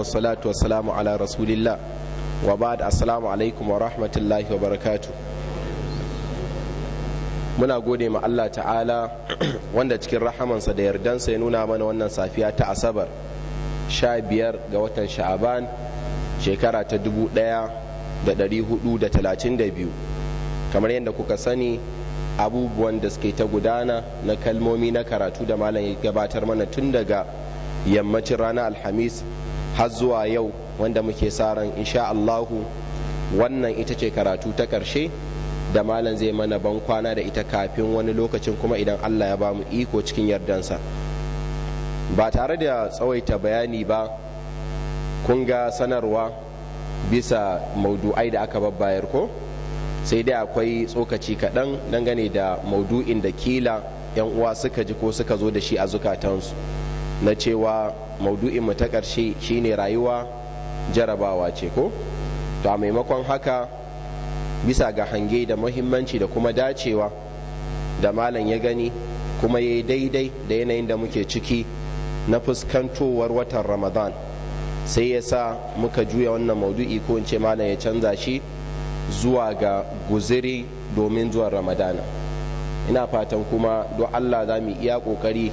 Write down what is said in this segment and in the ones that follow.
wassalatu wassalamu ala rasulillah wa ba'd assalamu alaikum wa rahmatullahi wa barakatu muna gode ma Allah ta'ala wanda cikin rahamansa da yardansa ya nuna mana wannan safiya ta asabar sha biyar ga watan sha'aban shekara ta dubu ɗaya da ɗari hudu da talatin da biyu kamar yadda kuka sani abubuwan da suke ta gudana na kalmomi na karatu da malam ya gabatar mana tun daga yammacin ranar alhamis har zuwa yau wanda muke sa ran insha Allahu wannan ita ce karatu ta ƙarshe da malam zai mana ban kwana da ita kafin wani lokacin kuma idan Allah ya bamu iko cikin yardansa ba tare da tsawaita bayani ba kun ga sanarwa bisa maudu'ai da aka babbayar ko sai dai akwai tsokaci kaɗan dangane da maudu'in da kila 'yan uwa suka ji ko suka zo da shi a zukatansu na cewa maudu'in mu ta ƙarshe shine rayuwa jarabawa ce ko to a maimakon haka bisa ga hange da muhimmanci da kuma dacewa da malam ya gani kuma ya yi daidai da yanayin da muke ciki na fuskantowar watan ramadan sai ya sa muka juya wannan maudu'i ko in ce malam ya canza shi zuwa ga guziri domin zuwan ramadana ina fatan kuma don allah za mu iya ƙoƙari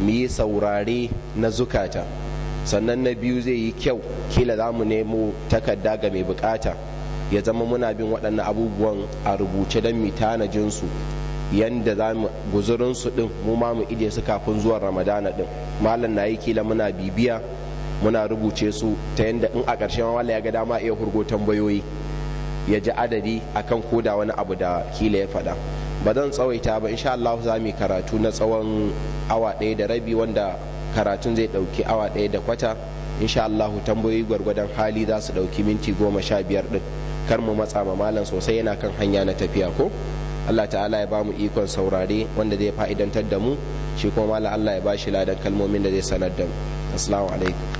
mu yi saurare na zukata sannan na biyu zai yi kyau kila za mu nemo takarda ga mai bukata ya zama muna bin waɗannan abubuwan a rubuce don mu tanajinsu yanda za mu guzurinsu din mu ma mu ide su kafin zuwan ramadana din. malam na yi kila muna bibiya muna rubuce su ta yanda in a ƙarshen wala ya ga dama iya hurgo tambayoyi ya ji adadi akan koda wani abu da kila ya faɗa ba zan tsawaita ba insha Allah za mu karatu na tsawon awa ɗaya da rabi wanda karatun zai ɗauki awa ɗaya da kwata insha Allah tambayoyi gwargwadon hali za su ɗauki minti goma sha biyar ɗin kar mu matsa ma malam sosai yana kan hanya na tafiya ko Allah ta'ala ya ba mu ikon saurare wanda zai fa'idantar da mu shi kuma malam Allah ya ba shi ladan kalmomin da zai sanar da mu assalamu alaikum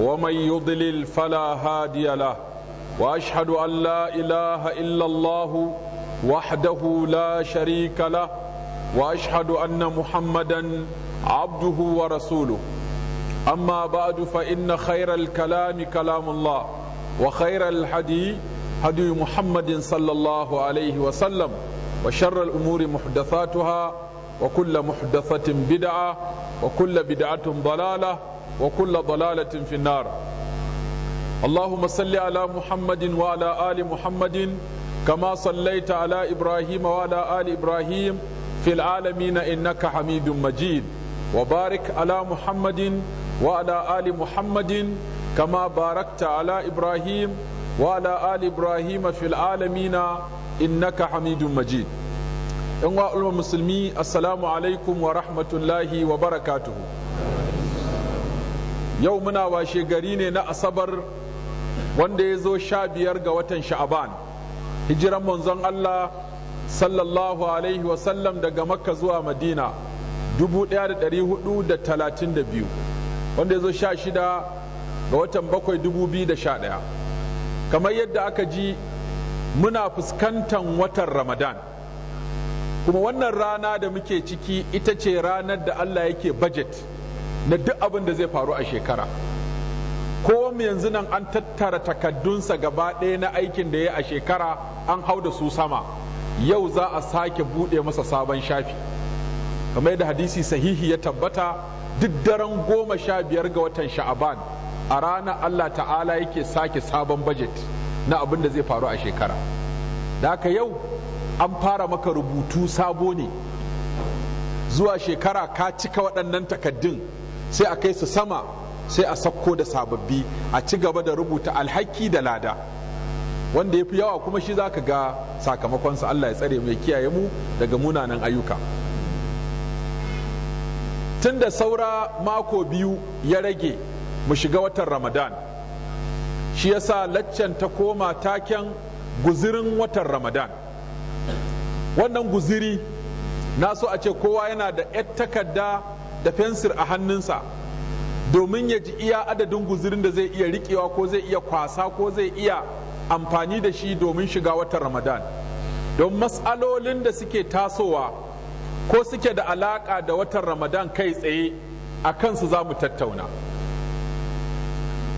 ومن يضلل فلا هادي له واشهد ان لا اله الا الله وحده لا شريك له واشهد ان محمدا عبده ورسوله اما بعد فان خير الكلام كلام الله وخير الهدي هدي محمد صلى الله عليه وسلم وشر الامور محدثاتها وكل محدثه بدعه وكل بدعه ضلاله وكل ضلالة في النار اللهم صل على محمد وعلى آل محمد كما صليت على إبراهيم وعلى آل إبراهيم في العالمين إنك حميد مجيد وبارك على محمد وعلى آل محمد كما باركت على إبراهيم وعلى آل إبراهيم في العالمين إنك حميد مجيد إنواء المسلمين السلام عليكم ورحمة الله وبركاته yau muna washe gari ne na asabar wanda ya zo sha biyar ga watan sha'aban hijiran manzon Allah sallallahu alaihi wasallam daga makka zuwa madina 1432 wanda ya zo sha shida ga watan bakwai 2011 kamar yadda aka ji muna fuskantan watan ramadan kuma wannan rana da muke ciki ita ce ranar da Allah yake budget na duk abin da zai faru a shekara ko yanzu nan an tattara takaddunsa gaba ɗaya na aikin da ya a shekara an hau da su sama yau za a sake buɗe masa sabon shafi kamar da hadisi sahihi ya tabbata duk daren goma sha biyar ga watan sha'aban a rana allah ta'ala yake sake sabon bajet na abin da zai faru a shekara da haka yau an fara maka rubutu sabo ne zuwa shekara ka cika waɗannan takaddun sai a kai su sama sai a sakko da sababbi a ci gaba da rubuta alhaki da lada wanda ya fi yawa kuma shi za ka ga sakamakonsa Allah ya tsare mai kiyaye mu daga munanan ayyuka tun da saura mako biyu ya rage mu shiga watan ramadan shi yasa laccan ta koma taken guzirin watan ramadan wannan guziri na so a ce kowa yana da 'yar takarda da fensir a hannunsa domin ya ji iya adadin guzurin da zai iya riƙewa ko zai iya kwasa ko zai iya amfani da shi domin shiga watan ramadan don matsalolin da suke tasowa ko suke da alaƙa da watan ramadan kai tsaye a kansu za mu tattauna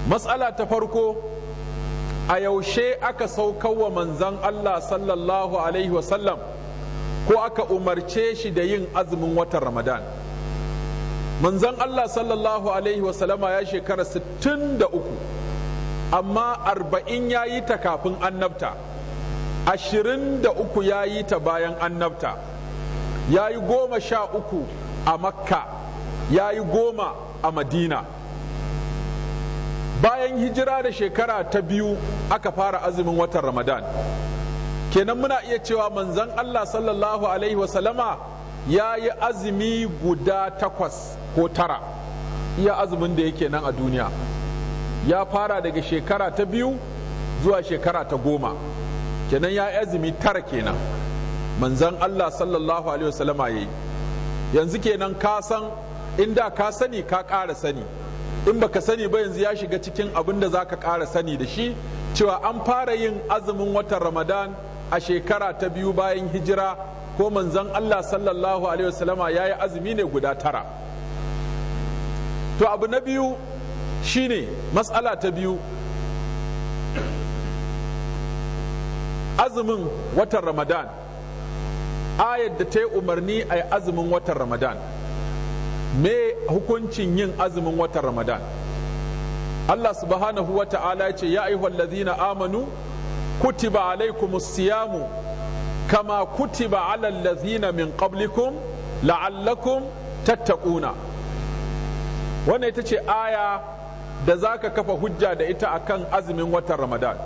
matsala ta farko a yaushe aka wa manzan allah sallallahu alaihi wasallam ko aka umarce shi da yin azumin watan ramadan Manzan Allah sallallahu alaihi wasallama ya shekara 63 amma 40 ya yi ta kafin annabta 23 ya yi ta bayan annabta ya yi goma sha uku a makka ya yi goma a madina bayan hijira da shekara ta biyu aka fara azumin watan ramadan kenan muna iya cewa manzan Allah sallallahu alaihi wasallama ya yi azumi guda takwas ko tara iya azumin da yake nan a duniya ya fara daga shekara ta biyu zuwa shekara ta goma kenan ya yi azumi tara kenan manzan Allah sallallahu alaihi wasallama ya yi yanzu kenan ka san inda ka sani ka kara sani in baka sani ba yanzu ya shiga cikin abin da za ka ƙara sani da shi cewa an fara yin azumin watan ramadan a shekara ta biyu bayan hijira ko manzon Allah sallallahu alaihi wasallama yi azumi ne guda tara to abu na biyu shine matsala ta biyu azumin watan Ramadan ayar da ta yi umarni a yi azumin watan Ramadan me hukuncin yin azumin watan Ramadan Allah subhanahu wa ta'ala ya ce ya ayyuhallazina amanu kutiba alaikumus siyamu kama kutiba alal lazina min qablikum la'allakum tattakuna wannan ita ce aya da za ka kafa hujja da ita akan azumin watan ramadan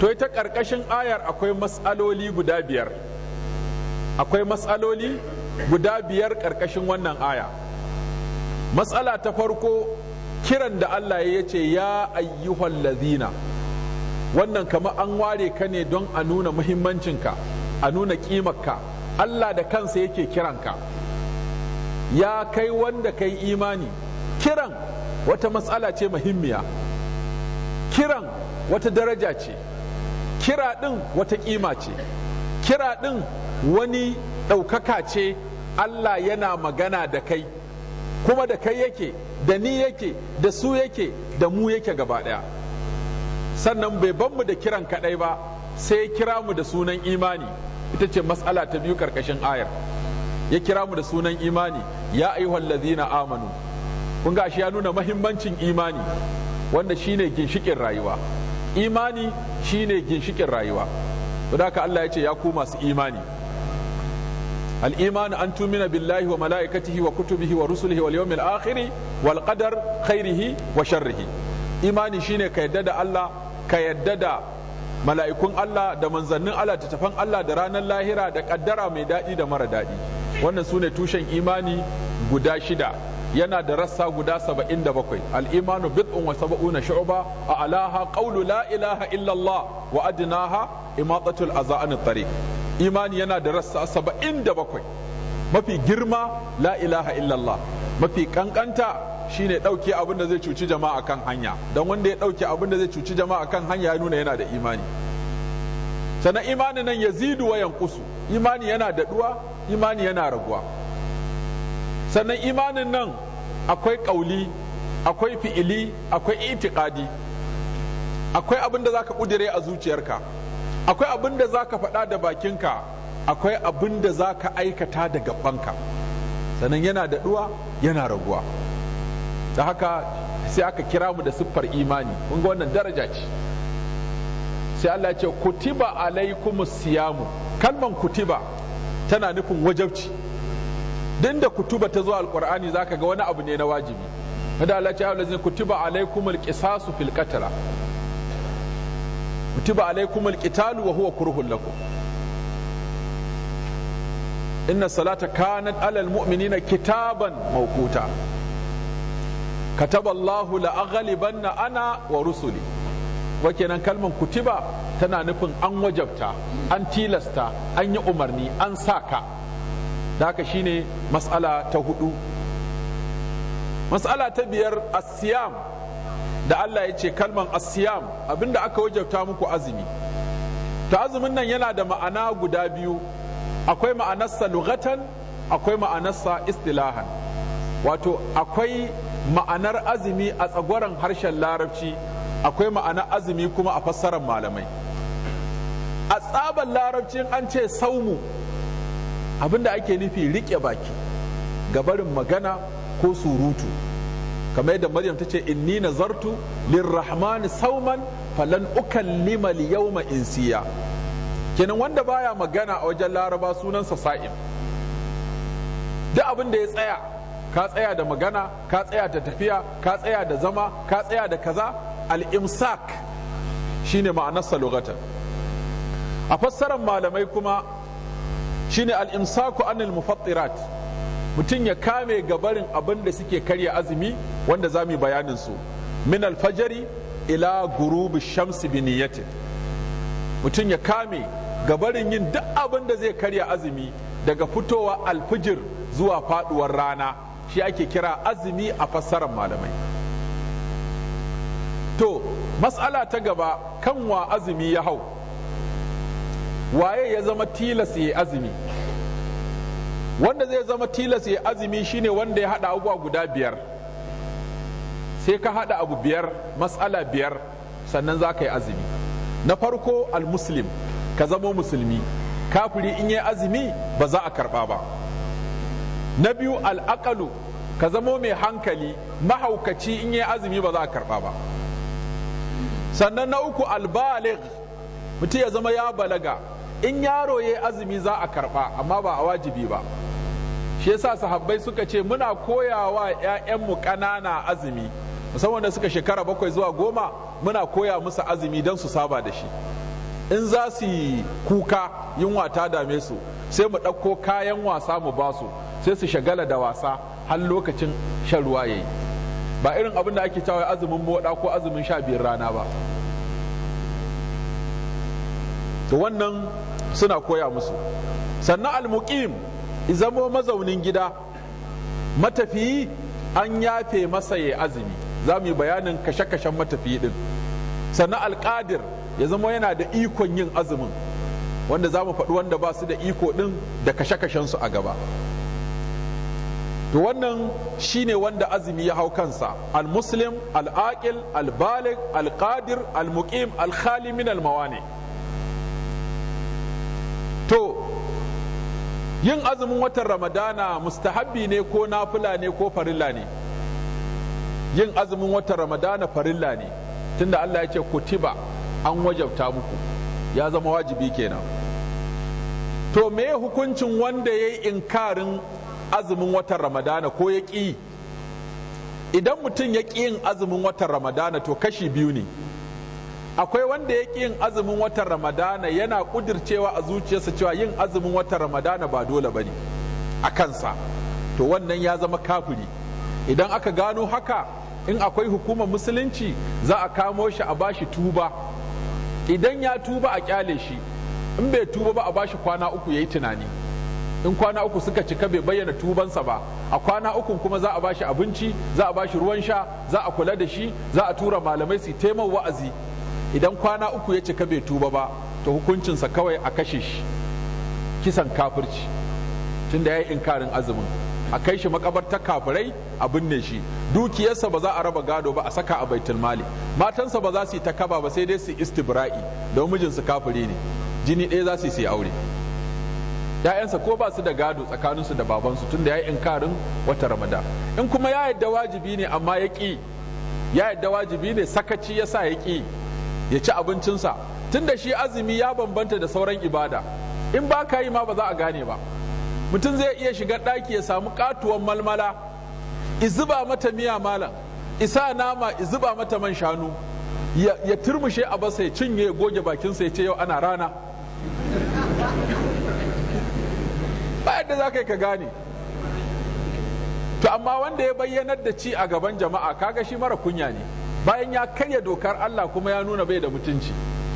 to ita ƙarƙashin ayar akwai matsaloli guda biyar akwai matsaloli guda biyar ƙarƙashin wannan aya matsala ta farko kiran da allah ya ce ya ayyuhallazina lazina wannan kama an ware ka ne don a nuna muhimmancinka a nuna ƙimarka Allah da kansa yake kiranka ya kai wanda ka yi imani kiran wata matsala ce muhimmiya kiran wata daraja ce kira ɗin wata ƙima ce kira ɗin wani ɗaukaka ce Allah yana magana da kai kuma da kai yake da ni yake da su yake da mu yake gaba ɗaya sannan bai ban mu da kiran kaɗai ba sai ya kira mu da sunan imani ita ce matsala ta biyu ƙarƙashin ayar ya kira mu da sunan imani ya ayyuhal ladzina amanu kun ga shi ya nuna mahimmancin imani wanda shine ginshikin rayuwa imani shine ginshikin rayuwa don haka Allah ya ce ya ku masu imani Al an billahi wa wa tumina wa rusulihi wal yawmil akhir wal qadar khairihi wa sharrihi imani shine ka yadda da Allah. ka yadda da mala'ikun Allah da manzannin Allah da tafan Allah da ranar lahira da kaddara mai daɗi da mara daɗi wannan su ne tushen imani guda shida yana da rassa guda saba'in da bakwai al'imanu bid'un wa saba'una shu'ba a alaha qawlu la ilaha illallah wa adnaha imatatul aza'an tariq imani yana da rassa saba'in da bakwai mafi girma la ilaha illallah mafi kankanta shine ɗauke abin da zai cuci jama'a kan hanya don wanda ya ɗauke abin da zai cuci jama'a kan hanya ya nuna yana da imani sannan imani nan ya zidu wa yankusu imani yana daɗuwa imani yana raguwa sannan imanin nan akwai ƙauli akwai fi'ili akwai itikadi akwai abin da zaka ƙudire a zuciyarka akwai abin da zaka faɗa da bakinka akwai abin da zaka aikata da gabanka sannan yana daɗuwa yana raguwa da haka sai aka kira mu da siffar imani kun ga wannan daraja ce sai Allah ya ce kutiba alaikumus siyamu kalman kutiba tana nufin wajabci din da kutuba ta zo alqur'ani zaka ga wani abu ne na wajibi kada Allah ya ce allazina kutiba alaikumul qisasu fil qatla kutiba alaikumul qitalu wa huwa kurhul lakum inna salata kanat alal mu'minina kitaban mawquta kataba Allahu la aghlibanna ana wa rusuli wakenan kalmar kutiba tana nufin an wajabta an tilasta an yi umarni an sa ka da haka shine mas'ala ta huɗu? mas'ala ta biyar asiyam da Allah ya ce kalman asiyam abinda aka wajabta muku azumi to azumin nan yana da ma'ana guda biyu akwai ma'anarsa lugatan akwai ma'anarsa istilahan wato akwai ma'anar azumi a tsagwaron harshen larabci akwai ma'anar azumi kuma a fassarar malamai a tsaban larabcin an ce saumu abinda ake nufi riƙe baki gabarin magana ko surutu kamar yadda maryam ta ce zartu nazartu lirrahmani sauman falan ukallima liyawma insiya kenan wanda baya magana a wajen laraba sunansa sa'im duk abin da ya tsaya ka tsaya da magana ka tsaya da tafiya ka tsaya da zama ka tsaya da kaza al-imsak shine ma'anarsa lugatan a fassarar malamai kuma shine al-imsaku anil mufattirat mutum ya kame gabarin abin da suke karya azumi wanda za mu bayanin su min Al-fajari ila gurubi shamsi bi mutum ya kame gabarin yin duk abin da zai karya azumi daga fitowa alfijir zuwa faduwar rana shi ake kira azumi a fassarar malamai to matsala ta gaba kan wa azumi ya hau waye ya zama tilas ya azumi wanda zai zama tilas ya azumi shine wanda ya hada abubuwa guda biyar sai ka haɗa abu biyar matsala biyar sannan za ka yi azumi na farko Al-Muslim, ka zamo musulmi kafiri in yi azumi ba za a karɓa ba na biyu al'akalu ka zamo mai hankali mahaukaci in yi azumi ba za a karɓa ba sannan na uku albalig mutum ya zama ya balaga in yaro ya azumi za a karɓa amma ba a wajibi ba shi yasa sahabbai suka ce muna koyawa 'ya'yanmu ƙanana azumi musamman da suka shekara bakwai zuwa goma muna koya musu azumi don su saba da shi in za su yi kuka yunwa ta dame su sai mu ɗauko kayan wasa mu ba su sai su shagala da wasa har lokacin shan ruwa ya yi ba irin abin da ake cewa azumin moɗa ko azumin sha biyar rana ba to wannan suna koya musu sannan almuqim izamo mazaunin gida matafiyi an yafe masa ya azumi za mu yi bayanin kashe-kashen matafiyi ɗin. sannan alƙadir ya zama yana da ikon yin azumin wanda za mu faɗi wanda ba su da iko ɗin da kashe-kashensu a gaba to wannan shi ne wanda azumi ya hau kansa al-muslim al-aqil al-balig al-qadir al-muqim al-khali min al-mawani to yin azumin watan ramadana mustahabbi ne ko nafila ne ko farilla ne yin azumin watan ramadana farilla ne tunda Allah ya ce kutiba an wajabta muku ya zama wajibi kenan to me hukuncin wanda ya yi inkarin azumin watan ramadana ko ya ƙi idan mutum ya ƙi yin azumin watan ramadana to kashi biyu ne akwai wanda ya ƙi yin azumin watan ramadana yana ƙudircewa a zuciyarsa cewa yin azumin watan ramadana ba dole ba ne a kansa to wannan ya zama kafuri idan aka gano haka in akwai hukumar musulunci za a kamo shi a bashi tuba idan ya tuba a kyale shi in bai tuba ba a bashi kwana uku ya yi tunani in kwana uku suka cika bai bayyana tubansa ba a kwana uku kuma za a bashi abinci za a bashi ruwan sha za a kula da shi za a tura malamai su taimar wa'azi idan kwana uku ya cika bai tuba ba to hukuncinsa kawai a kashe shi kisan kafirci tunda ya yi inkarin azumin a kai shi makabartar kafirai a binne shi dukiyarsa ba za a raba gado ba a saka a baitul mali matansa ba za su yi ta kaba ba sai dai su istibra'i don mijinsu kafiri ne jini ɗaya za su yi aure ‘ya'yansa ko ba su da gado tsakaninsu da babansu tun da ya yi inkarin wata ramada in kuma ya yadda wajibi ne amma ya ƙi ya yadda wajibi ne sakaci ya sa ya ƙi ya ci abincinsa tun da shi azumi ya bambanta da sauran ibada in ba ka yi ma ba za a gane ba mutum zai iya shiga ɗaki ya samu katuwan malmala izuba mata miya malam isa nama izuba mata man shanu ya turmushe a basa ya cinye goge bakin ya ce yau ana rana ba yadda za ka yi ka gane to amma wanda ya bayyanar da ci a gaban jama'a kaga shi mara kunya ne bayan ya karya dokar Allah kuma ya nuna bai da mutunci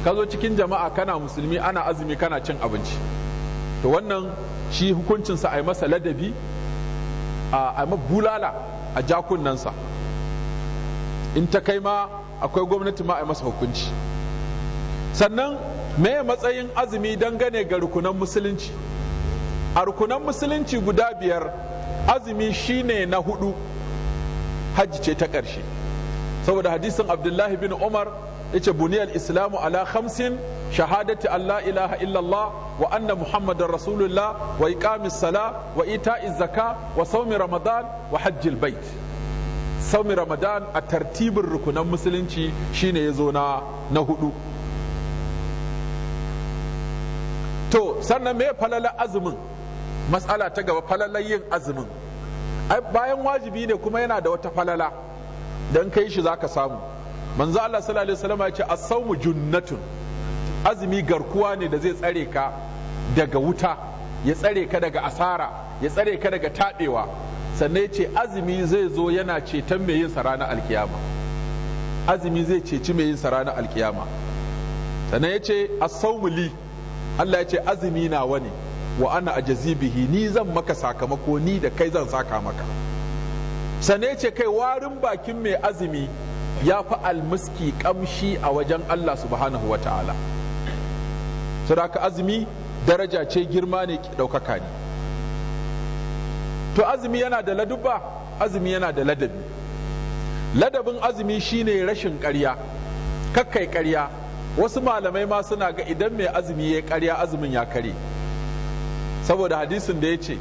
ka zo cikin jama'a kana musulmi ana azumi kana cin abinci to wannan shi hukuncinsa a yi masa ladabi a bulala a jakunansa in ta kai ma akwai gwamnati ma a yi masa hukunci sannan me matsayin azumi dangane ga rukunan musulunci a rukunan musulunci guda biyar azumi shine na hudu hajji ce ta ƙarshe saboda hadisin abdullahi bin umar yace buniyal islamu ala khamsin shahadati alla ilaha illallah wa anna muhammadar rasulullah wa iqamis sala wa ita'iz zaka wa saumi ramadan wa hajjil bait saumi ramadan a tartibin rukunan musulunci shine yazo na na hudu to sannan me falala azumin matsala ta gaba falalar yin azumin bayan wajibi ne kuma yana da wata falala don kai shi zaka samu manzo Allah sallallahu alaihi wasallam ya ce as-sawmu junnatun azumi garkuwa ne da zai tsare ka daga wuta ya tsare ka daga asara ya tsare ka daga taɓewa sannan ya ce azumi zai zo yana ceton mai yin sarana alkiyama azumi zai ceci mai yin sarana alkiyama sannan ya ce li. Allah ya ce azumi na wani wa ana a jazibihi ni zan maka sakamako ni da kai zan saka maka sannan ya ce kai warin bakin mai azumi ya fi almiski kamshi a wajen Allah subhanahu wa ta'ala saboda azumi daraja ce girma ne ɗaukaka ne to azumi yana da ladubba azumi yana da ladabi ladabin azumi shine rashin karya. kakkai karya. wasu malamai ma suna ga idan mai azumi ya karya, azumin ya kare saboda hadisin da ya ce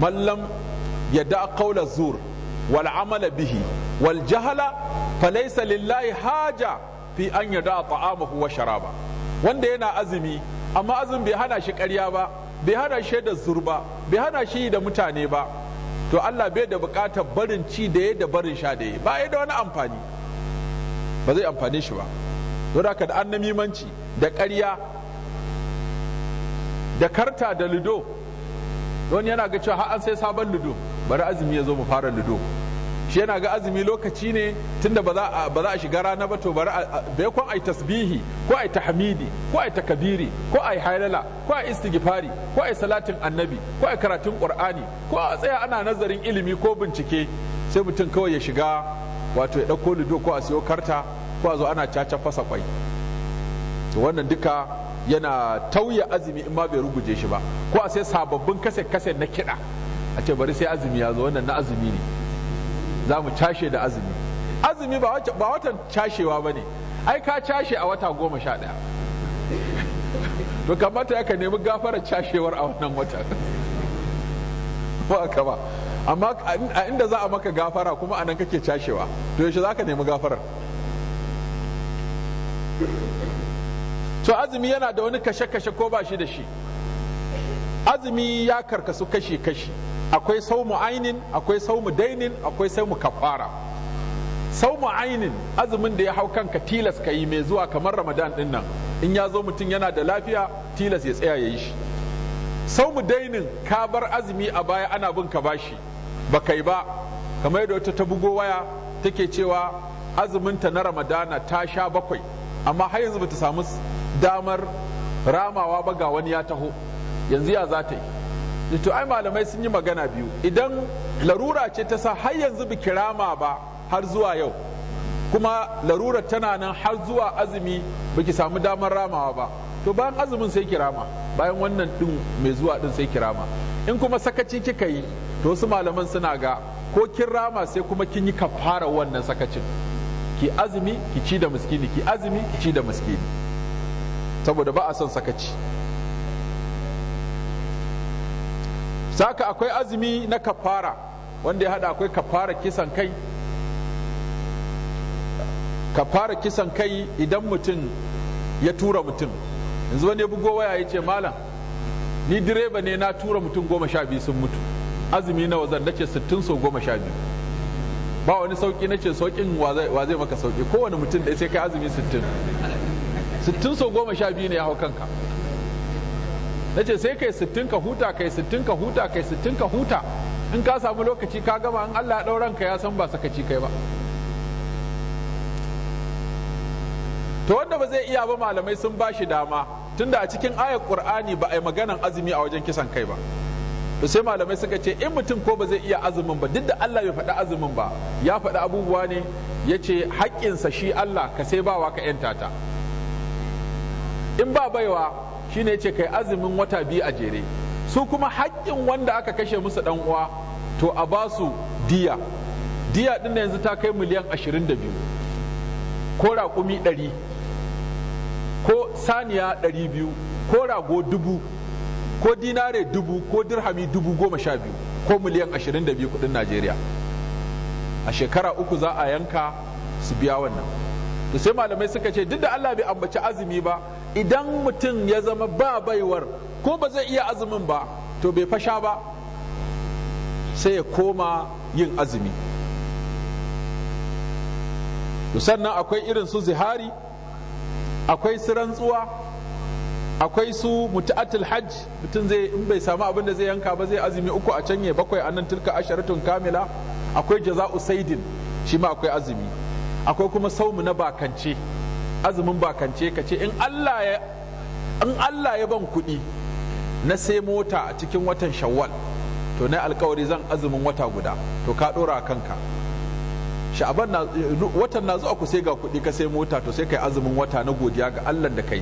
mallam ya da zur Wal'amala bihi wal jahala falaysa lillahi haja fi an yada ta'amahu wa sharaba wanda yana azumi amma azumi bai hana shi ƙarya ba bai hana shi da zurba bai hana shi da mutane ba to Allah bai da buƙatar barin ci da ya da barin sha da ya ba ya da wani amfani ba zai amfane shi ba don haka da annamimanci da ƙarya da karta da ludo don yana ga cewa har an sai sabon ludo bari azumi ya zo mu fara ludo shi yana ga azumi lokaci ne tunda ba za a shiga rana ba to bari bai kun ai tasbihi ko ai tahmidi ko ai takabiri ko ai halala, ko ai istighfari ko ai salatin annabi ko ai karatun qur'ani ko a tsaya ana nazarin ilimi ko bincike sai mutum kawai ya shiga wato ya dauko lido ko a siyo karta ko a zo ana caca fasa kwai to wannan duka yana tauya azumi in ma bai ruguje shi ba ko a sai sababbin kase kase na kiɗa a ce bari sai azumi ya zo wannan na azumi ne za mu cashe da azumi azumi ba watan cashewa ba ne ai ka cashe a wata goma sha ɗaya to kamata ya nemi gafarar cashewar a wannan watan ba ka ba amma a inda za a maka gafara kuma anan kake cashewa to yaushe za ka nemi gafarar to azumi yana da wani kashe-kashe ko ba shi da shi azumi ya karkasu kashi-kashi akwai saumu ainin akwai saumu dainin akwai saumu kafara saumu ainin azumin da ya hau kanka tilas ka yi mai zuwa kamar ramadan din nan in ya zo mutum yana da lafiya tilas ya tsaya ya yi shi mu dainin ka bar azumi a baya ana bin ka bashi ba kai ba kamar yadda wata ta bugo waya take cewa azuminta na ramadana ta sha bakwai amma har yanzu bata samu damar ramawa ba ga wani ya taho yanzu ya za ta yi to ai malamai sun yi magana biyu idan larura ce ta sa har yanzu bi kirama ba har zuwa yau kuma larura tana nan har zuwa azumi baki samu damar ramawa ba to bayan azumin sai kirama bayan wannan din mai zuwa din sai kirama in kuma sakaci kika yi to wasu malaman suna ga ko kin rama sai kuma kin yi kafara wannan sakacin ki azumi ki ci da miskini ki azumi ki ci da miskini saboda ba a son sakaci saka akwai azumi na kafara wanda ya hada akwai kafara kisan kai kafara kisan kai idan mutum ya tura mutum yanzu wani ya bugo waya ya ce malam ni direba ne na tura mutum goma sha biyu sun mutu azumi na wazan na ce sittin so goma sha biyu ba wani sauki na ce saukin wa zai maka sauki kowane mutum da sai kai azumi sittin sittin so goma sha biyu ne ya hau kanka na ce sai kai sittin ka huta kai sittin ka huta kai sittin ka huta in ka samu lokaci ka gama in allah ɗauran ka ya san ba sakaci kai ba to wanda ba zai iya ba malamai sun ba shi dama tunda a cikin ayar qur'ani ba a yi maganan azumi a wajen kisan kai ba to sai malamai suka ce in mutum ko ba zai iya azumin ba duk da Allah bai faɗi azumin ba ya faɗi abubuwa ne ya ce haƙƙinsa shi Allah ka sai bawa ka ‘yanta ta in ba baiwa shine ce kai azumin wata biyu a jere su kuma haƙƙin wanda aka kashe musu dan uwa to a ba su diya diya din yanzu ta kai miliyan ashirin da biyu. ko raƙumi ɗari ko saniya ɗari biyu ko rago dubu ko dinare dubu ko dirhami dubu goma sha biyu ko miliyan ashirin da biyu kuɗin najeriya a shekara uku za a yanka su biya wannan to sai malamai suka ce duk da Allah bai ambaci azumi ba idan mutum ya zama ba baiwar ko ba zai iya azumin ba to bai fasha ba sai ya koma yin azumi sannan akwai irin su zihari akwai su rantsuwa akwai su mutu'atul hajj mutum zai in bai samu abin da zai yanka ba zai azumi uku a can ya bakwai a nan tilka asharatun kamila akwai jaza'u saidin shi ma akwai azumi akwai kuma saumu na bakance azumin bakance ka ce in Allah ya ban kuɗi na sai mota a cikin watan shawwal to na alkawari zan azumin wata guda to ka ɗora kanka sha'aban watan na zuwa ku sai ga kuɗi ka sai mota to sai kai azumin wata na godiya ga Allah da kai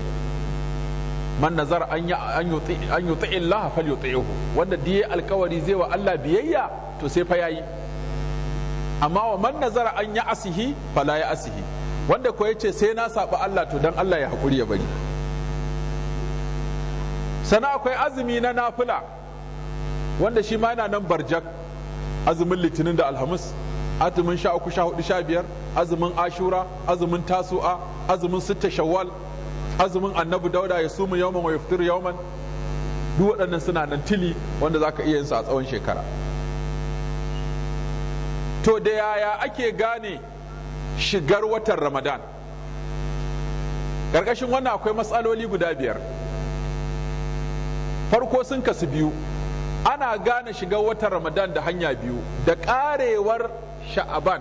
man nazar an yi ta'in laha fal yi wanda diye alkawari zai wa Allah biyayya to sai fa yayi amma wa man nazar an yi asihi fala ya asihi wanda ko ya ce sai na saɓa Allah to dan Allah ya haƙuri ya bari sana akwai azumi na nafila wanda shi ma yana nan barjak azumin litinin da alhamis azumin sha uku sha hudu sha biyar azumin ashura azumin tasu'a azumin sitta shawwal azumin annabi dauda ya sumu yawman wa yaftir yawman duk waɗannan suna nan tili wanda za ka iya yin su a tsawon shekara to da yaya ake gane shigar watan ramadan ƙarƙashin wannan akwai matsaloli guda biyar farko sun kasu biyu ana gane shigar watan ramadan da hanya biyu da ƙarewar sha'aban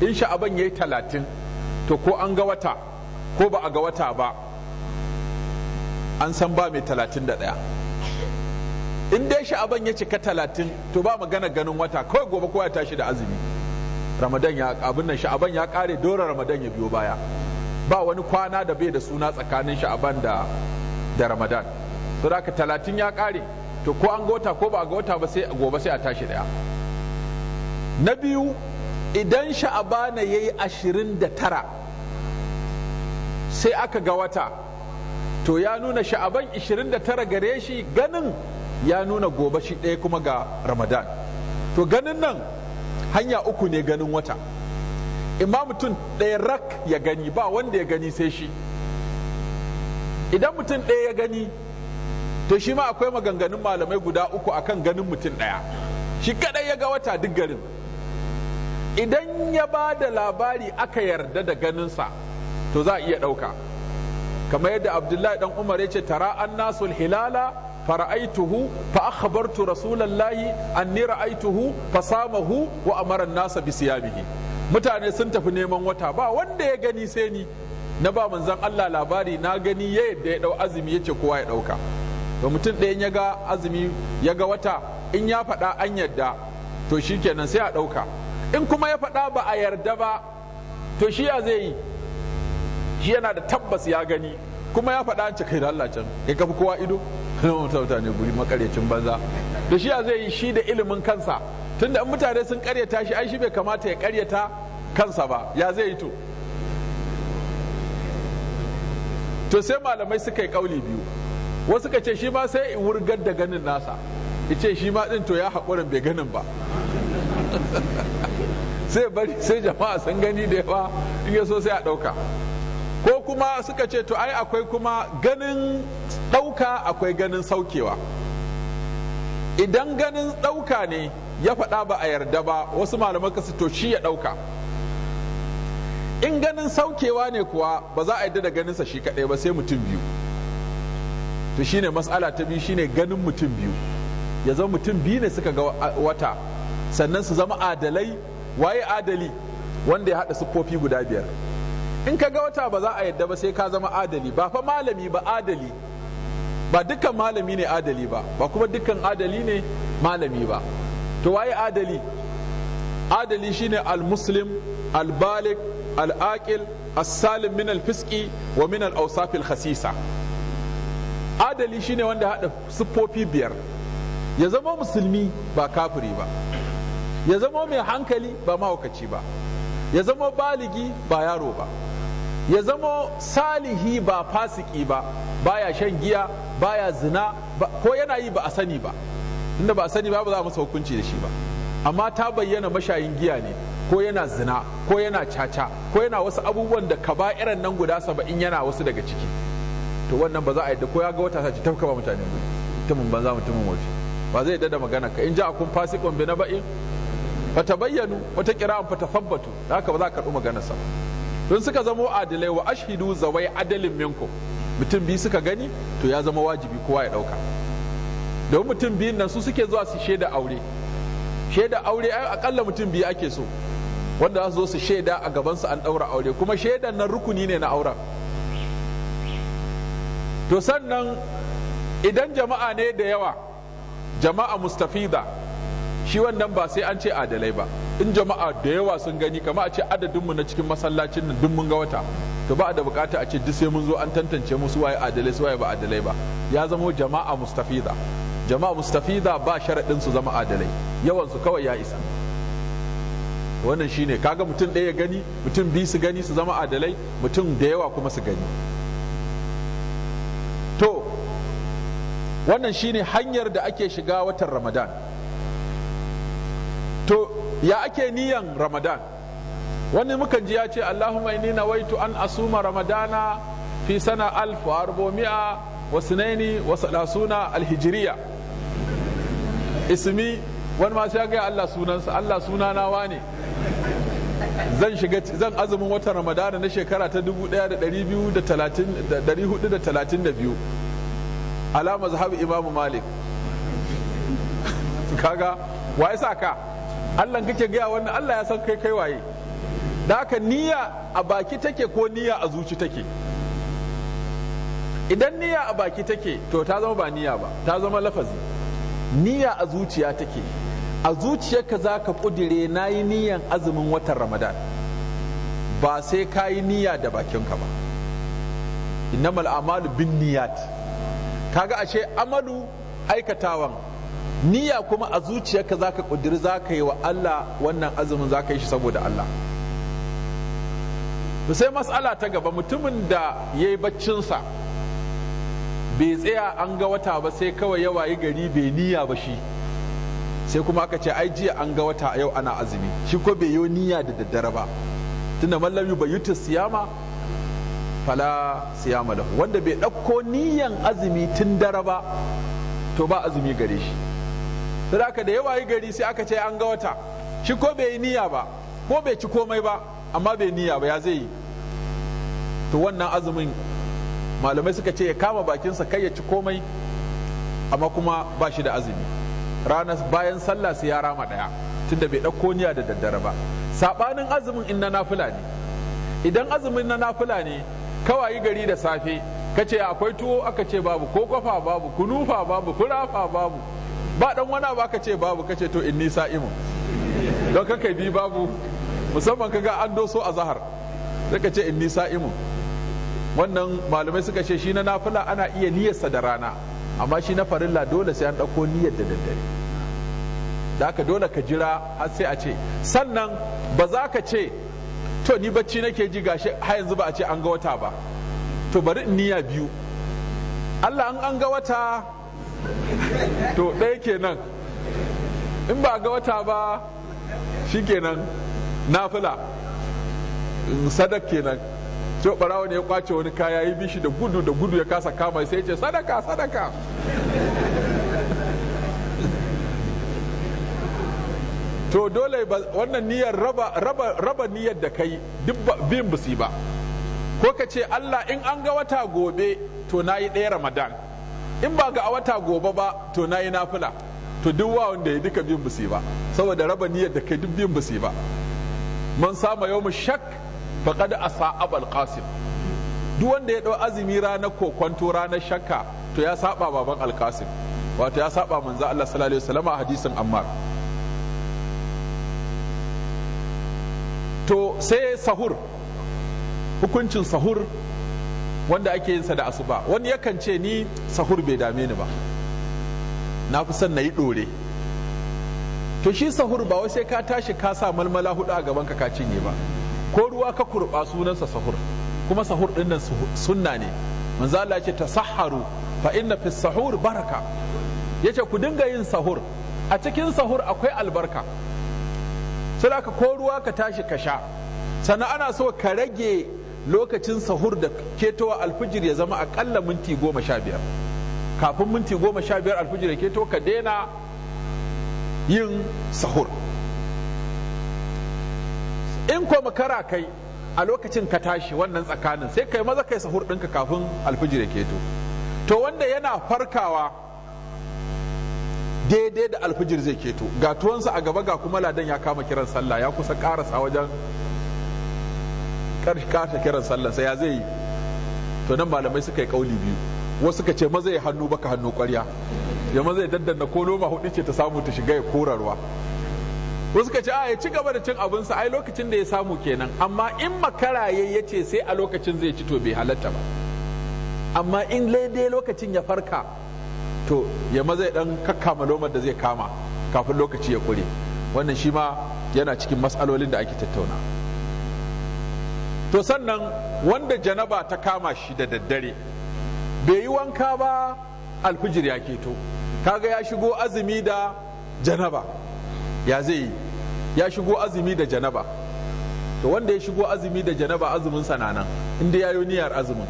in sha'aban ya yi talatin to ko an ga wata ko ba a ga wata ba an san ba mai talatin da ɗaya in dai sha'aban ya cika talatin to ba magana ganin wata kawai gobe kowa ya tashi da azumi ramadan ya abin nan sha'aban ya kare dora ramadan ya biyo baya ba wani kwana da bai da suna tsakanin sha'aban da da ramadan so da talatin ya kare to ko an gota ko ba a gota ba sai gobe sai a tashi daya na biyu idan sha'abana ya yi ashirin da tara sai aka ga wata to ya nuna sha'aban ashirin da tara gare shi ganin ya nuna gobe shi ɗaya kuma ga ramadan to ganin nan hanya uku ne ganin wata imam mutum ɗaya rak ya gani ba wanda ya gani sai shi idan mutum ɗaya ya gani to shi ma akwai maganganun malamai guda uku akan ganin mutum ɗaya shi kaɗai ya ga wata duk garin idan ya ba da labari aka yarda da ganinsa to za a iya ɗauka kamar yadda abdullahi dan umar ya ce tara an nasul hilala fara'aituhu fa akhbartu rasulullahi anni ra'aituhu fa samahu wa amara an-nasa bi siyabihi mutane sun tafi neman wata ba wanda ya gani sai ni na ba manzon Allah labari na gani ya yadda ya dau azumi yace kowa ya dauka to mutum ɗaya ya ga azumi ya ga wata in ya faɗa an yadda to shikenan sai a dauka in kuma ya faɗa ba a yarda ba to shi ya zai yi shi yana da tabbas ya gani kuma ya faɗa an cika kai da Allah can Ya kafi kowa ido wata mutane guri makaryacin banza da shi zai yi shi da ilimin kansa tunda in mutane sun karyata shi ai shi bai kamata ya karyata kansa ba ya zai yi to to sai malamai suka yi kauli biyu wasu ka ce shi ma sai in wurgar da ganin nasa ce shi ma din to ya haƙurin bai ganin ba sai bari sai jama'a sun gani da yawa in ya so sai a ɗauka ko kuma suka ce to ai akwai kuma ganin ɗauka akwai ganin saukewa idan ganin ɗauka ne ya faɗa ba a yarda ba wasu malaman kasu to shi ya ɗauka in ganin saukewa ne kuwa ba za a yarda da ganin sa shi kaɗai ba sai mutum biyu to shi ne matsala ta biyu shi ne ganin mutum biyu ya zama mutum biyu ne suka ga wata sannan su zama adalai waye adali wanda ya haɗa siffofi guda biyar in ka ga wata ba za a yadda ba sai ka zama adali ba fa malami ba adali ba dukkan malami ne adali ba ba kuma dukkan adali ne malami ba to waye adali adali shine al-muslim al-balik al-aqil as-salim min al wa min al-awsaf al-khasisa adali shine wanda hada siffofi biyar ya zama musulmi ba kafiri ba ya zama mai hankali ba mahaukaci ba ya zama baligi ba yaro ba ya zama salihi ba fasiki ba baya shan giya baya zina ko yana yi ba a sani ba inda ba a sani ba ba za a masa hukunci da shi ba amma ta bayyana mashayin giya ne ko yana zina ko yana caca ko yana wasu abubuwan da irin nan guda saba'in yana wasu daga ciki to wannan ba za a yadda ko ya ga wata sace tafka ba mutane mutumin banza mutumin wafi ba zai yadda da magana ka in ja akun fasikon bi na ba'in fata bayyanu wata kira'an fata tabbatu da haka ba za ka karɓi maganarsa don suka zamo adalai wa ashidu zawai adalin minku mutum biyu suka gani to ya zama wajibi kowa ya ɗauka don mutum biyun nan su suke zuwa su shaida aure shaida aure ai akalla mutum biyu ake so wanda za su zo su shaida a gabansu an ɗaura aure kuma shaidan nan rukuni ne na auren to sannan idan jama'a ne da yawa jama'a mustafida shi wannan ba sai an ce adalai ba in jama'a da yawa sun gani kama a ce adadin mu na cikin masallacin nan duk mun ga wata to ba da bukata a ce duk sai mun zo an tantance mu su waye adalai su waye ba adalai ba ya zama jama'a mustafiza jama'a mustafiza ba sharaɗin su zama adalai yawan su kawai ya isa wannan shine kaga mutum ɗaya gani mutum biyu su gani su zama adalai mutum da yawa kuma su gani to wannan shine hanyar da ake shiga watan ramadan to ya ake niyan ramadan wani mukan ji ya ce allahumma inni nawaitu an asuma ramadana fi sana alf wa arbomi'a wa sinaini wa salasuna alhijiriya ismi wani masu ya gaya allah sunansa allah sunana wane zan shiga zan azumin watan ramadana na shekara ta 1432 alama zahabi imamu malik kaga wa ya sa ka Allah kake gaya wannan Allah ya san kai kai waye da haka niyya a baki take ko niyya a zuci take idan niyya a baki take to ta zama ba niyya ba ta zama lafazi niyya a zuciya take a zuciyarka za ka ƙudire na yi niyyan azumin watan ramadan ba sai ka yi niyya da bakinka ba innamal amalu bin niyyat kaga ashe amalu aikatawan niyya kuma a zuciyarka zaka kudiri ka yi wa Allah wannan azumin za ka yi shi saboda Allah sai matsala ta gaba mutumin da ya yi baccinsa bai tsaya an ga wata ba sai kawai ya wayi gari bai niyya ba shi sai kuma aka ce ai jiya an ga wata yau ana azumi shi ko bai yi niyya da daddare ba tunda mallam yi siyama fala siyama da wanda bai ɗauko niyyan azumi tun dare ba to ba azumi gare shi sadaka da yawa yi gari sai aka ce an ga wata shi ko bai yi niyya ba ko bai ci komai ba amma bai niyya ba ya zai yi to wannan azumin malamai suka ce ya kama bakinsa kai ya ci komai amma kuma ba shi da azumi ranar bayan sallah sai ya rama daya tunda bai ɗauko niyya da daddare ba Sabanin azumin in na nafila ne idan azumin na nafila ne kawai gari da safe kace akwai tuwo aka ce babu ko kwafa babu kunufa babu kurafa babu ba dan wani ba aka ce babu kace to inni sa'imun don kai bi babu musamman kaga an doso a zahar sai ka ce inni sa'imun wannan malamai suka ce shi na nafila ana iya niyyarsa da rana amma shi na farilla dole sai an ɗauko niyyar da daddare da ka dole ka jira har sai a ce sannan ba za ka ce to ni bacci nake ji gashi har yanzu ba a ce an ga wata ba to bari in niyya biyu Allah an an ga wata to ɗaya kenan in ba ga wata ba shi kenan nafila sadak kenan to barawa ne ya kwace wani kaya yi bishi da gudu da gudu ya kasa kama sai ya ce sadaka sadaka to dole wannan niyyar raba raba raba niyyar da kai duk bin busi ba ko ka ce Allah in an ga wata gobe to nayi ɗaya Ramadan in ba ga a wata gobe ba to na yi nafila to duk wawan da ya duka biyun basi ba saboda raba niyyar da kai duk biyun basi ba man sama yau shak faqad asa abal qasim duk wanda ya ɗau azumi ranar kokwanto ranar shakka to ya saba baban alqasim wato ya saba manzo Allah sallallahu alaihi wasallam a hadisin ammar to sai sahur hukuncin sahur wanda ake yin sa da asuba wani yakan ce ni sahur bai dame ni ba na fi son na yi ɗore to shi sahur ba wai sai ka tashi ka sa malmala hudu a gaban ka ka cinye ba ko ruwa ka kurɓa sunansa sahur kuma sahur ɗin nan sunna ne manzo Allah ce tasahharu fa inna fi sahur baraka yace ku dinga yin sahur a cikin sahur akwai albarka sai ko ruwa ka tashi ka sha sannan ana so ka rage lokacin sahur da ketowa alfijir ya zama akalla minti goma sha biyar kafin minti goma sha biyar alfijir ya keto ka daina yin sahur in ko makara kai a lokacin ka tashi wannan tsakanin sai kai maza kai sahur ɗinka kafin alfijir ya keto to wanda yana farkawa daidai da alfijir zai keto ga tuwansa a gaba ga kuma ladan ya kama kiran sallah ya kusa karasa wajen kasa kiran sallah sai ya zai yi to nan malamai suka yi kauli biyu wasu suka ce maza ya hannu baka hannu kwarya ya maza ya daddanna ko noma hudu ce ta samu ta shiga ya korarwa wasu ka ce a ya ci gaba da cin abinsa ai lokacin da ya samu kenan amma in makaraye ya ce sai a lokacin zai ci to bai halatta ba amma in daidai lokacin ya farka to ya maza ya dan kakkama lomar da zai kama kafin lokaci ya kure wannan shi ma yana cikin matsalolin da ake tattauna. to sannan wanda janaba ta kama shi da daddare bai yi wanka ba alfijir ya keto kaga ya shigo azumi da janaba ya zai yi ya shigo azumi da janaba to wanda ya shigo azumi da janaba azumin sananan inda ya yi niyyar azumin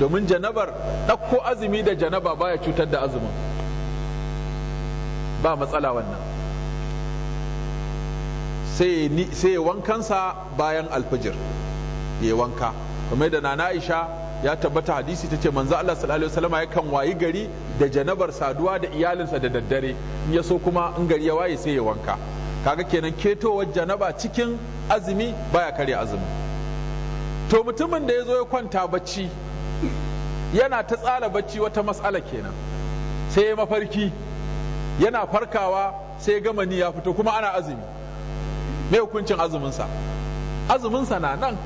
domin janabar ɗakko azumi da janaba baya cutar da azumin ba matsala wannan sai wankansa bayan alfijir ya wanka kamar da nana Aisha ya tabbata hadisi ta ce manzo Allah sallallahu alaihi wasallam yakan wayi gari da janabar saduwa da iyalinsa da daddare in ya so kuma in gari ya waye sai ya wanka kaga kenan ketowar janaba cikin azumi baya kare azumi to mutumin da ya zo ya kwanta bacci yana ta tsara bacci wata matsala kenan sai ya mafarki yana farkawa sai ya gama ni ya fito kuma ana azumi me hukuncin azuminsa azuminsa na nan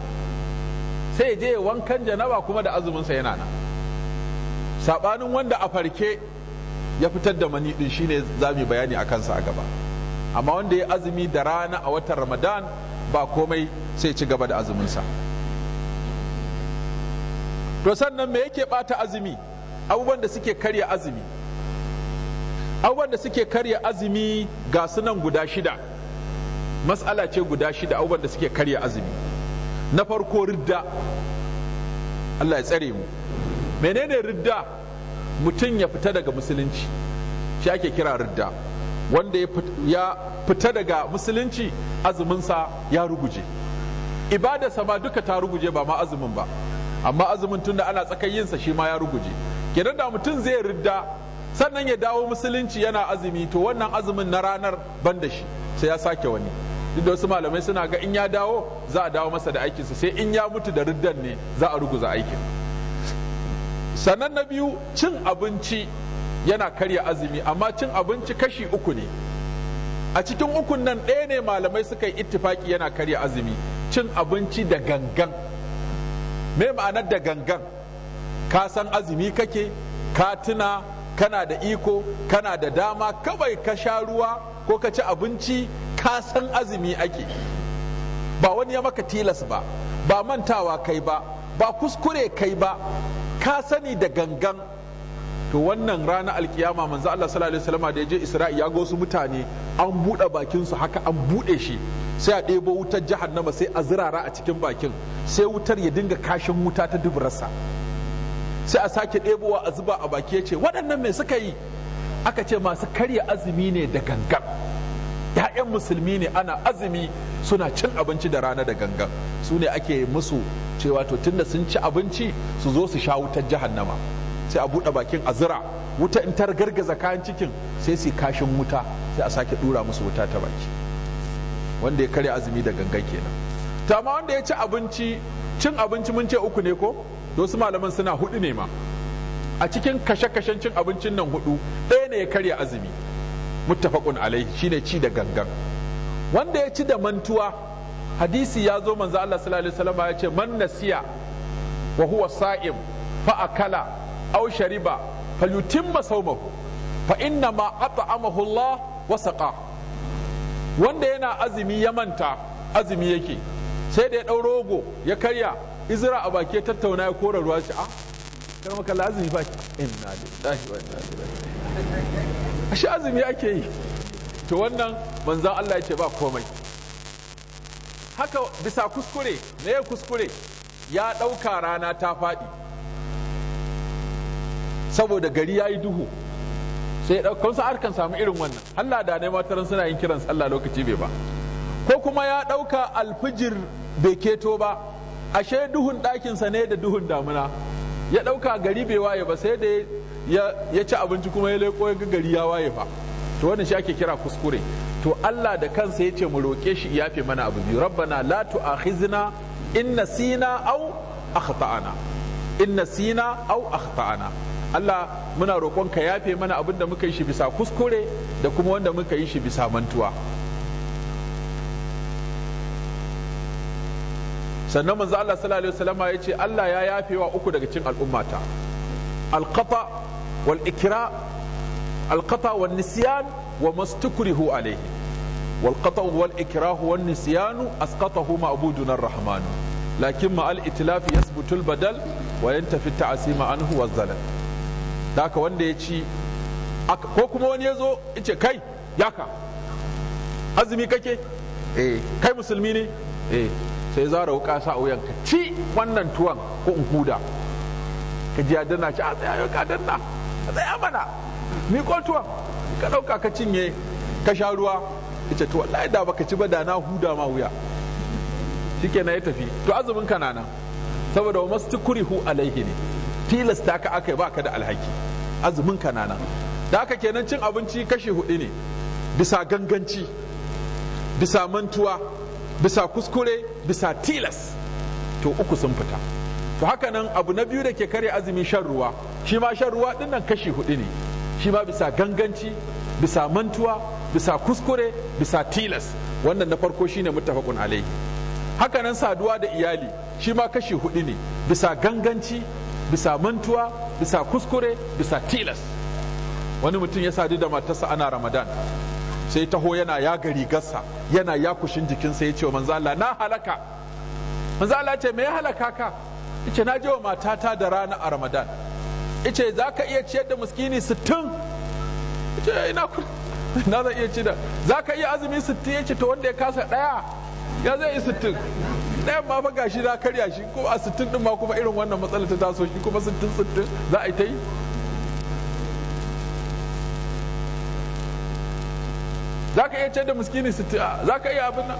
sai je wankan janaba kuma da azuminsa yana nan saɓanin wanda a farke ya fitar da mani din shine za mu bayani a kansa a gaba amma wanda ya azumi da rana a watan ramadan ba komai sai ci gaba da azuminsa to sannan me yake bata azumi abubuwan da suke karya azumi abubuwan da suke karya azumi ga sunan guda shida mas'ala ce guda shida abubuwan da suke karya azumi na farko ridda Allah ya tsare mu menene ridda mutum ya fita daga musulunci shi ake kira ridda wanda ya fita daga musulunci azuminsa ya ruguje ibadarsa ma duka ta ruguje ba ma azumin ba amma azumin tunda ana tsakan sa shi ma ya ruguje kenan da mutum zai ridda sannan ya dawo musulunci yana azumi to wannan azumin na ranar ban da shi sai ya sake wani duk da wasu malamai suna ga in ya dawo za a dawo masa da aikinsa sai in ya mutu da riddan ne za a ruguza aikin sannan na biyu cin abinci yana karya azumi amma cin abinci kashi uku ne a cikin ukun nan ɗaya ne malamai suka yi ittifaki yana karya azumi cin abinci da gangan me ma'anar da gangan ka san azumi kake ka tuna kana da iko kana da dama kawai ka sha ruwa ko ka ci abinci ka san azumi ake ba wani ya maka tilas ba ba mantawa kai ba ba kuskure kai ba ka sani da gangan to wannan rana alkiyama manzo Allah sallallahu alaihi wasallam da ya je Isra'i ya ga wasu mutane an buɗe bakin su haka an buɗe shi sai a ɗebo wutar jahannama sai a zirara a cikin bakin sai wutar ya dinga kashin wuta ta dubrarsa sai a sake ɗebowa a zuba a baki ya ce waɗannan me suka yi aka ce masu karya azumi ne da gangan 'ya'yan musulmi ne ana azumi suna cin abinci da rana da gangan su ne ake musu cewa to tunda sun ci abinci su zo su sha wutar jahannama sai a buɗe bakin azura wuta in tar gargaza kayan cikin sai su kashin wuta sai a sake ɗura musu wuta ta baki wanda ya karya azumi da gangan kenan ta ma wanda ya ci abinci cin abinci mun ce uku ne ko dosu malaman suna hudu ne ma a cikin kashe-kashen cin abincin nan hudu ɗaya ne ya karya azumi muttafaqun alaihi shine ci da gangan wanda ya ci da mantuwa hadisi ya zo manzo Allah sallallahu alaihi wasallam ya ce man nasiya wa huwa sa'im fa akala aw shariba falyutimma sawmahu fa inna ma at'amahu Allah wa saqa wanda yana azumi ya manta azumi yake sai da ya ɗau rogo ya karya izra a baki ya tattauna ya kora ruwa shi a kar maka lazimi fa inna lillahi wa inna ilaihi ashe azumi ake yi to wannan manzan Allah ya ce ba komai haka bisa kuskure na ya kuskure ya ɗauka rana ta faɗi saboda gari ya yi duhu sai ɗaukan sa'ar kan samu irin wannan Allah da ne mataran suna yin kiran sallah lokaci bai ba ko kuma ya ɗauka alfijir bai keto ba ashe duhun ɗakinsa ne da duhun damuna ya ɗauka gari bai waye ba sai da ya ci abinci kuma ya leko ya gari ya waye fa to wannan shi ake kira kuskure to Allah da kansa ya ce mu roke shi ya fi mana abu biyu rabbana la tu'akhizna in nasina aw akhtana in nasina aw akhtana Allah muna roƙon ka yafe mana abin da muka yi shi bisa kuskure da kuma wanda muka yi shi bisa mantuwa sannan manzo Allah sallallahu alaihi wasallam ya ce Allah ya yafe wa uku daga cikin al'ummata al-qata wal ikra al qata wan nisyan wa mastukrihu alayhi wal qata wal ikrah wan nisyan asqatahu ma'buduna ar-rahman lakin ma al itlaf yasbutu al badal wa yantafi at ta'sim anhu wa zalal daka wanda ya ci ko kuma wani ya zo ce kai yaka azumi kake eh kai musulmi ne sai zara wuka sa ka ci wannan tuwon ko in huda ka ji danna a tsaya ya ka danna tsaya mana mi tuwa, ka ɗauka ka cinye ka sha ruwa ita to wallahi da baka ci ba da na huda ma wuya shikenan ya tafi to azumin ka nan saboda wa mastu hu, alaihi ne tilasta ka aka yi baka da alhaki azumin ka nan da haka kenan cin abinci kashi hudu ne bisa ganganci bisa mantuwa bisa kuskure bisa tilas to uku sun fita to haka nan abu na biyu da ke kare azumi shan ruwa shi ma shan ruwa ɗin nan kashi hudu ne shi ma bisa ganganci bisa mantuwa bisa kuskure bisa tilas wannan na farko shine muttafaqun alaihi hakanan saduwa da iyali shi ma kashi hudu ne bisa ganganci bisa mantuwa bisa kuskure bisa tilas wani mutum ya sadu da matarsa ana ramadan sai taho yana ya gari gasa yana ya kushin jikinsa ya ce wa manzo na halaka manzo ce me ya halaka ka ce na je wa matata da rana a ramadan ce za ka iya ciyar da muskini sittin ice ina ku na zai iya cida za ka iya azumi sittin ya ce to wanda ya kasa ɗaya ya zai yi sittin ɗayan ma faga shi na karya shi ko a sittin din ma kuma irin wannan matsala ta taso shi kuma sittin sittin za a yi ta yi za ka iya ciyar da muskini sittin za ka iya abin nan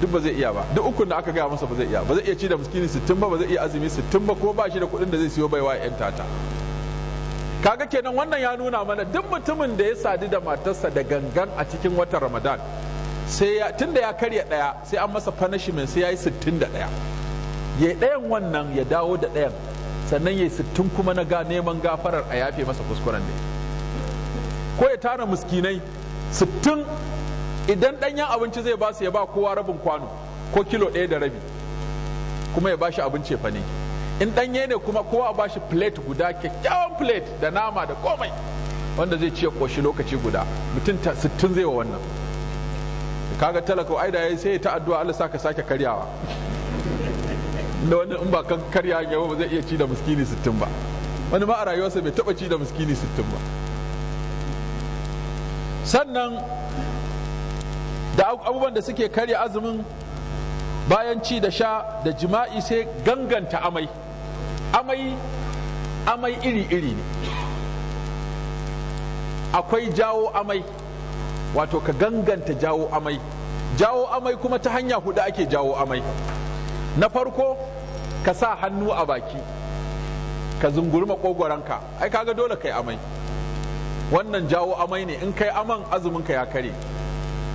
duk ba zai iya ba duk ukun da aka gaya masa ba zai iya ba zai iya ci da miskini sittin ba ba zai iya azumi sittin ba ko ba shi da kuɗin da zai siyo baiwa yan tata kaga kenan wannan ya nuna mana duk mutumin da ya sadu da matarsa da gangan a cikin watan ramadan sai ya tunda ya karya daya sai an masa punishment sai ya yi sittin daya ya yi ɗayan wannan ya dawo da ɗayan sannan ya yi sittin kuma na ga neman gafarar a yafe masa kuskuren da ko ya tara miskinai sittin. idan ɗanyen abinci zai ba su ya ba kowa rabin kwano ko kilo ɗaya da rabi kuma ya ba shi abinci fa ne in ɗanye ne kuma kowa ba shi plate guda kyakkyawan plate da nama da komai wanda zai ciye ƙoshi lokaci guda mutum sittin zai wa wannan kaga talaka ai da yayi sai ta addu'a Allah saka sake karyawa da wani in ba kan karya ya ba zai iya ci da miskini sittin ba wani ma a rayuwarsa bai taba ci da miskini sittin ba sannan da abubuwan da suke karya azumin bayan ci da sha da jima'i sai ganganta amai amai amai iri-iri ne akwai jawo amai wato ka ganganta jawo amai jawo amai kuma ta hanya hudu ake jawo amai na farko ka sa hannu a baki ka zunguri makogoranka ai kaga dole kai amai wannan jawo amai ne in kai aman azumin ya kare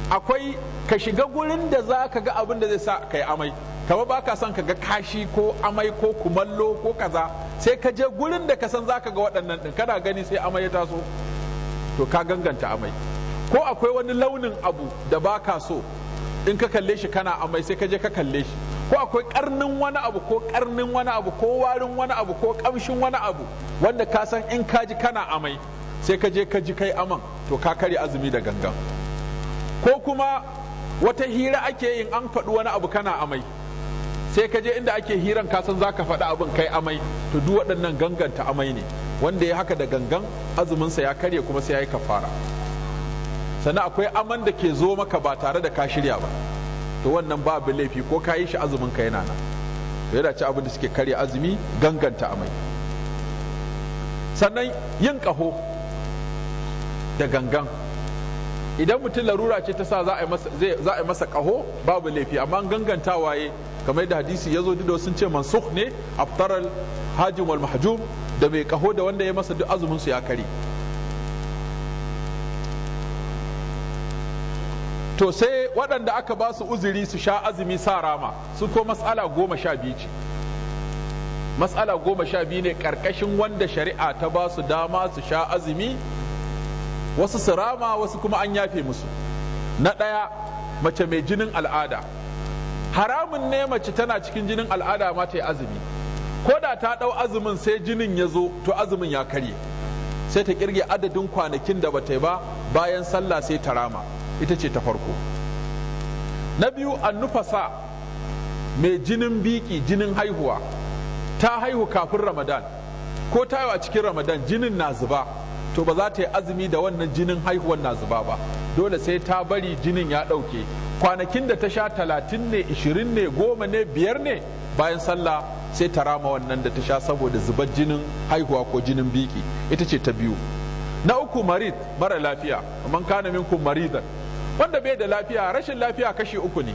akwai ka shiga gurin da za ka ga abin da zai sa ka yi amai kama ba ka son ka ga kashi ko amai ko kumallo ko kaza sai ka je gurin da ka san za ka ga waɗannan ɗin kana gani sai amai ya taso to ka ganganta amai ko akwai wani launin abu da ba ka so in ka kalle shi kana amai sai ka je ka kalle shi ko akwai karnin wani abu ko karnin wani abu ko warin wani abu ko kamshin wani abu wanda ka san in ka ji kana amai sai ka je ka ji kai aman to ka karya azumi da gangan ko kuma wata hira ake yin an faɗi wani abu kana amai sai ka je inda ake hiran kasan san ka faɗi abin kai amai to duk waɗannan ganganta amai ne wanda ya haka da gangan azuminsa ya karye kuma sai ya yi kafara sannan akwai aman da ke zo maka ba tare da ka shirya ba to wannan ba babu laifi ko ka yi shi azumin ka yana nan to yana ci abin da suke karya azumi ganganta amai sannan yin ƙaho da gangan idan mutum larura ce ta sa za a yi masa kaho babu laifi amma ganganta waye kamar da hadisi ya zo da sun ce mansukh ne aftaral hajin wal mahjum da mai kaho da wanda ya masa duk azumin su ya kari. to sai waɗanda aka ba su uzuri su sha azumi sa rama su ko matsala goma sha biyu ce matsala goma sha biyu ne ƙarƙashin wanda shari'a ta ba su dama su sha azumi wasu su rama wasu kuma an yafe musu na ɗaya mace mai jinin al'ada haramun ne mace tana cikin jinin al'ada ma ta yi azumi ko da ta ɗau azumin sai jinin ya zo to azumin ya karye sai ta kirge adadin kwanakin da bata yi ba bayan sallah sai ta rama ita ce ta farko na biyu annufasa mai jinin biki jinin haihuwa ta haihu kafin ramadan ko ta a cikin ramadan jinin na zuba to ba za ta yi azumi da wannan jinin haihuwar na zuba ba dole sai ta bari jinin ya ɗauke kwanakin da ta sha talatin ne ishirin ne goma ne biyar ne bayan sallah sai ta rama wannan da ta sha saboda zubar jinin haihuwa ko jinin biki ita ce ta biyu na uku marid mara lafiya man kana minkum maridan wanda bai da lafiya rashin lafiya kashi uku ne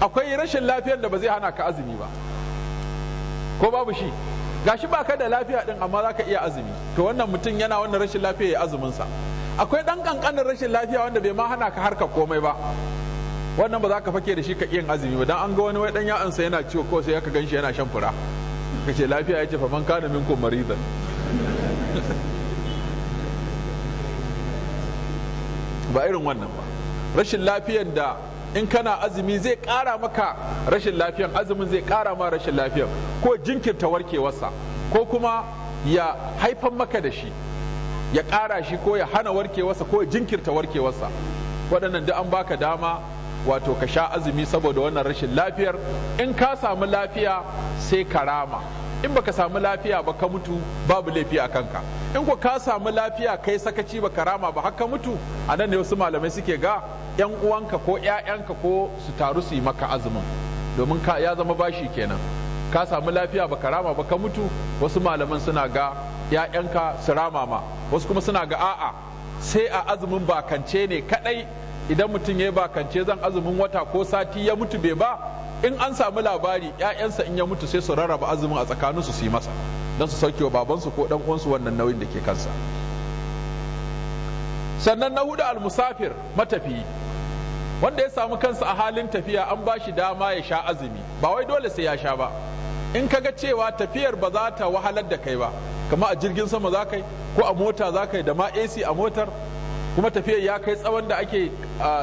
akwai rashin lafiyar da ba zai hana ka azumi ba ko babu shi gashi ba ka da lafiya din amma za ka iya azumi to wannan mutum yana wannan rashin lafiya ya azuminsa akwai dan kankanin rashin lafiya wanda bai ma hana ka harka komai ba wannan ba za ka fake da shi ka iya azumi ba dan an ga wani wai dan ya'ansa yana ciwo ko sai ka ganshi yana shan fura ka lafiya ya ce fa man kana minkum maridan ba irin wannan ba rashin lafiyan da in kana azumi zai ƙara maka rashin lafiyan azumin zai ƙara ma rashin lafiyan ko jinkirta warkewarsa ko kuma ya haifan maka da shi ya ƙara shi ko ya hana warkewarsa ko ya jinkirta warkewarsa waɗannan da an baka dama wato ka sha azumi saboda wannan rashin lafiyar in ka samu lafiya sai ka rama in baka samu lafiya ba ka mutu babu laifi a kanka in ko ka samu lafiya kai sakaci ba ka rama ba haka mutu a nan ne wasu malamai suke ga 'yan uwanka ko 'ya'yanka ko su taru su yi maka azumin domin ya zama bashi kenan ka samu lafiya baka rama ba ka mutu wasu malaman suna ga 'ya'yanka su rama ma wasu kuma suna ga a'a sai a azumin bakance ne kadai idan mutum ya bakance zan azumin wata ko sati ya mutu bai ba in an samu labari 'ya'yansa in ya mutu sai su rarraba azumin a tsakaninsu su yi masa don su sauke wa babansu ko ɗan uwansu wannan nauyin da ke kansa sannan na hudu almusafir matafiyi wanda ya samu kansa a halin tafiya an ba shi dama ya sha azumi ba wai dole sai ya sha ba in ka ga cewa tafiyar ba za ta wahalar da kai ba kama a jirgin sama za ka yi ko a mota za ka yi da ma ac a motar kuma tafiyar ya kai tsawon da ake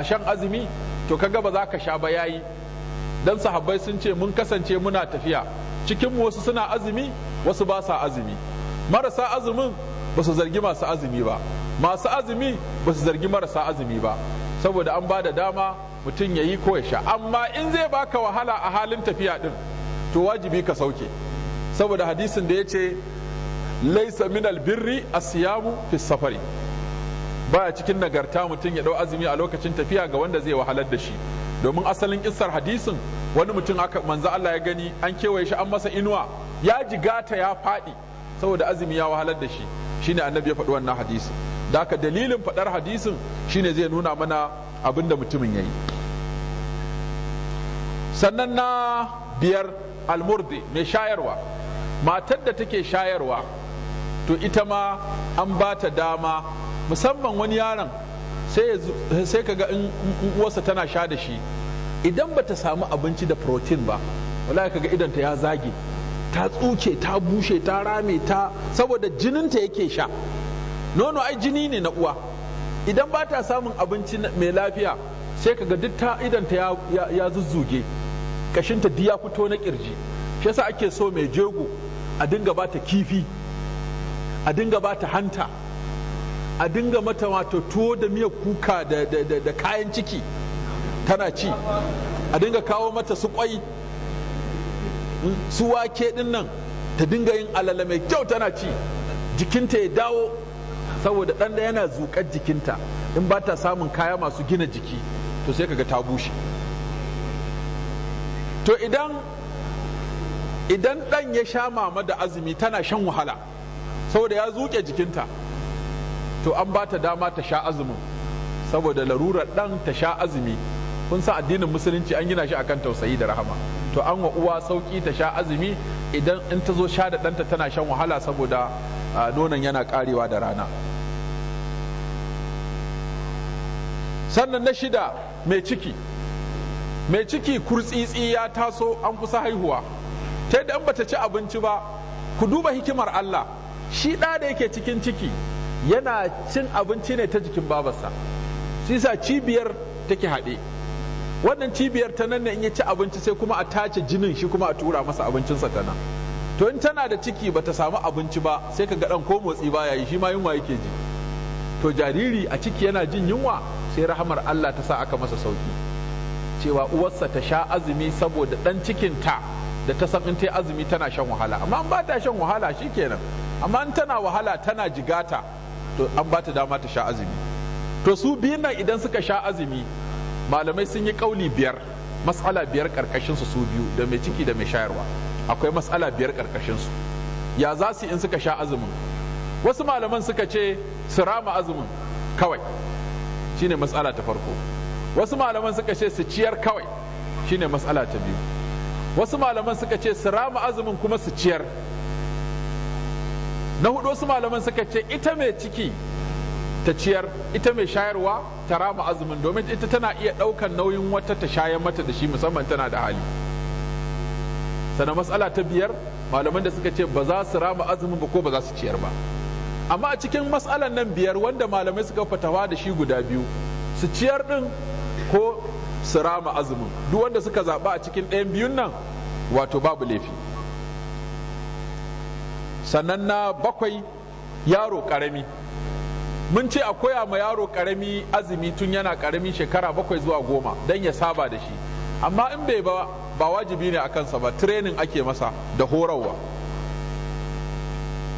shan azumi to ga ba za ka sha ba yayi dan sahabbai sun ce mun kasance muna tafiya cikin wasu suna azumi wasu ba sa azumi marasa azumin ba su zargi masu azumi ba masu azumi ba su zargi marasa azumi ba saboda an ba da dama mutum ya yi ko ya sha amma in zai baka wahala a halin tafiya din to wajibi ka sauke saboda hadisin da ya ce laisa min albirri asiyamu fi safari baya cikin nagarta mutum ya dau azumi a lokacin tafiya ga wanda zai wahalar da shi domin asalin kissar hadisin wani mutum aka manzo Allah ya gani an kewaye shi an masa inuwa ya jigata ya faɗi saboda azumi ya wahalar da shi shine annabi ya faɗi wannan hadisin, da aka dalilin faɗar hadisin shine zai nuna mana abin da mutumin ya yi sannan na biyar almurdi mai shayarwa matar da take shayarwa to ita ma an ba ta dama musamman wani yaron sai ka ga in uwarsa tana sha da shi idan ba ta samu abinci da protein ba wala ka ga idanta ya zage ta tsuke ta bushe ta rame ta saboda jinin ta yake sha nono ai jini ne na uwa idan ba ta samun abinci mai lafiya sai kaga duk ta idanta ya, ya, zuzzuge kashinta ta ya fito na kirji shi yasa ake so mai jego a dinga ba ta kifi a dinga ba ta hanta a dinga mata wato tuwo da miyar kuka da, da kayan ciki tana ci a dinga kawo mata su kwai su wake din nan ta dinga yin alala mai kyau tana ci jikinta ya dawo saboda ɗan da yana zuƙar jikinta in ba ta samun kaya masu gina jiki to sai kaga ta bushe to idan idan ɗan ya sha mama da azumi tana shan wahala saboda ya zuƙe jikinta to an ba ta dama ta sha azumin saboda larurar ɗan ta sha azumi kun sa addinin musulunci an gina shi akan tausayi da rahama to an wa uwa sauki ta sha azumi idan in ta zo sha da ɗanta tana shan wahala saboda ah, nonon yana karewa da rana sannan na shida mai ciki mai ciki kurtsitsi ya taso an kusa haihuwa ta yadda an bata ci abinci ba ku duba hikimar Allah shi ɗa da yake cikin ciki yana cin abinci ne ta jikin babarsa shi sa cibiyar take haɗe wannan cibiyar ta nan ne in ya ci abinci sai kuma a tace jinin shi kuma a tura masa abincinsa ta nan to in tana da ciki ba ta samu abinci ba sai ka ga ɗan ko motsi ba yayi shi ma yunwa yake ji to jariri a ciki yana jin yunwa sai rahamar Allah ta sa aka masa sauki cewa uwarsa ta sha azumi saboda ɗan ta da ta san in ta azumi tana shan wahala amma an ba ta shan wahala shikenan amma in tana wahala tana jigata to an ba ta dama ta sha azumi to su biyun nan idan suka sha azumi malamai sun yi kauli biyar matsala biyar karkashin su su biyu da mai ciki da mai shayarwa akwai matsala biyar karkashin su ya za su in suka sha azumin wasu malaman suka ce su rama azumin kawai shine matsala ta farko wasu malaman suka ce su ciyar kawai shine matsala ta biyu wasu malaman suka ce su rama azumin kuma su ciyar na hudu wasu malaman suka ce ita mai ciki ta ciyar ita mai shayarwa ta rama azumin domin ita tana iya ɗaukan nauyin wata ta shayar mata da shi musamman tana da hali sannan matsala ta biyar malaman da suka ce ba za su rama azumin ba ko ba za su ciyar ba amma a cikin matsalan nan biyar wanda malamai suka fatawa da shi guda biyu su ciyar ɗin ko su rama azumin duk wanda suka zaɓa a cikin ɗayan biyun nan wato babu laifi sannan na bakwai yaro ƙarami mun ce a koya ma yaro karami azumi tun yana karami shekara bakwai zuwa goma don ya saba da shi amma in bai ba ba wajibi ne a kansa ba training ake masa da horarwa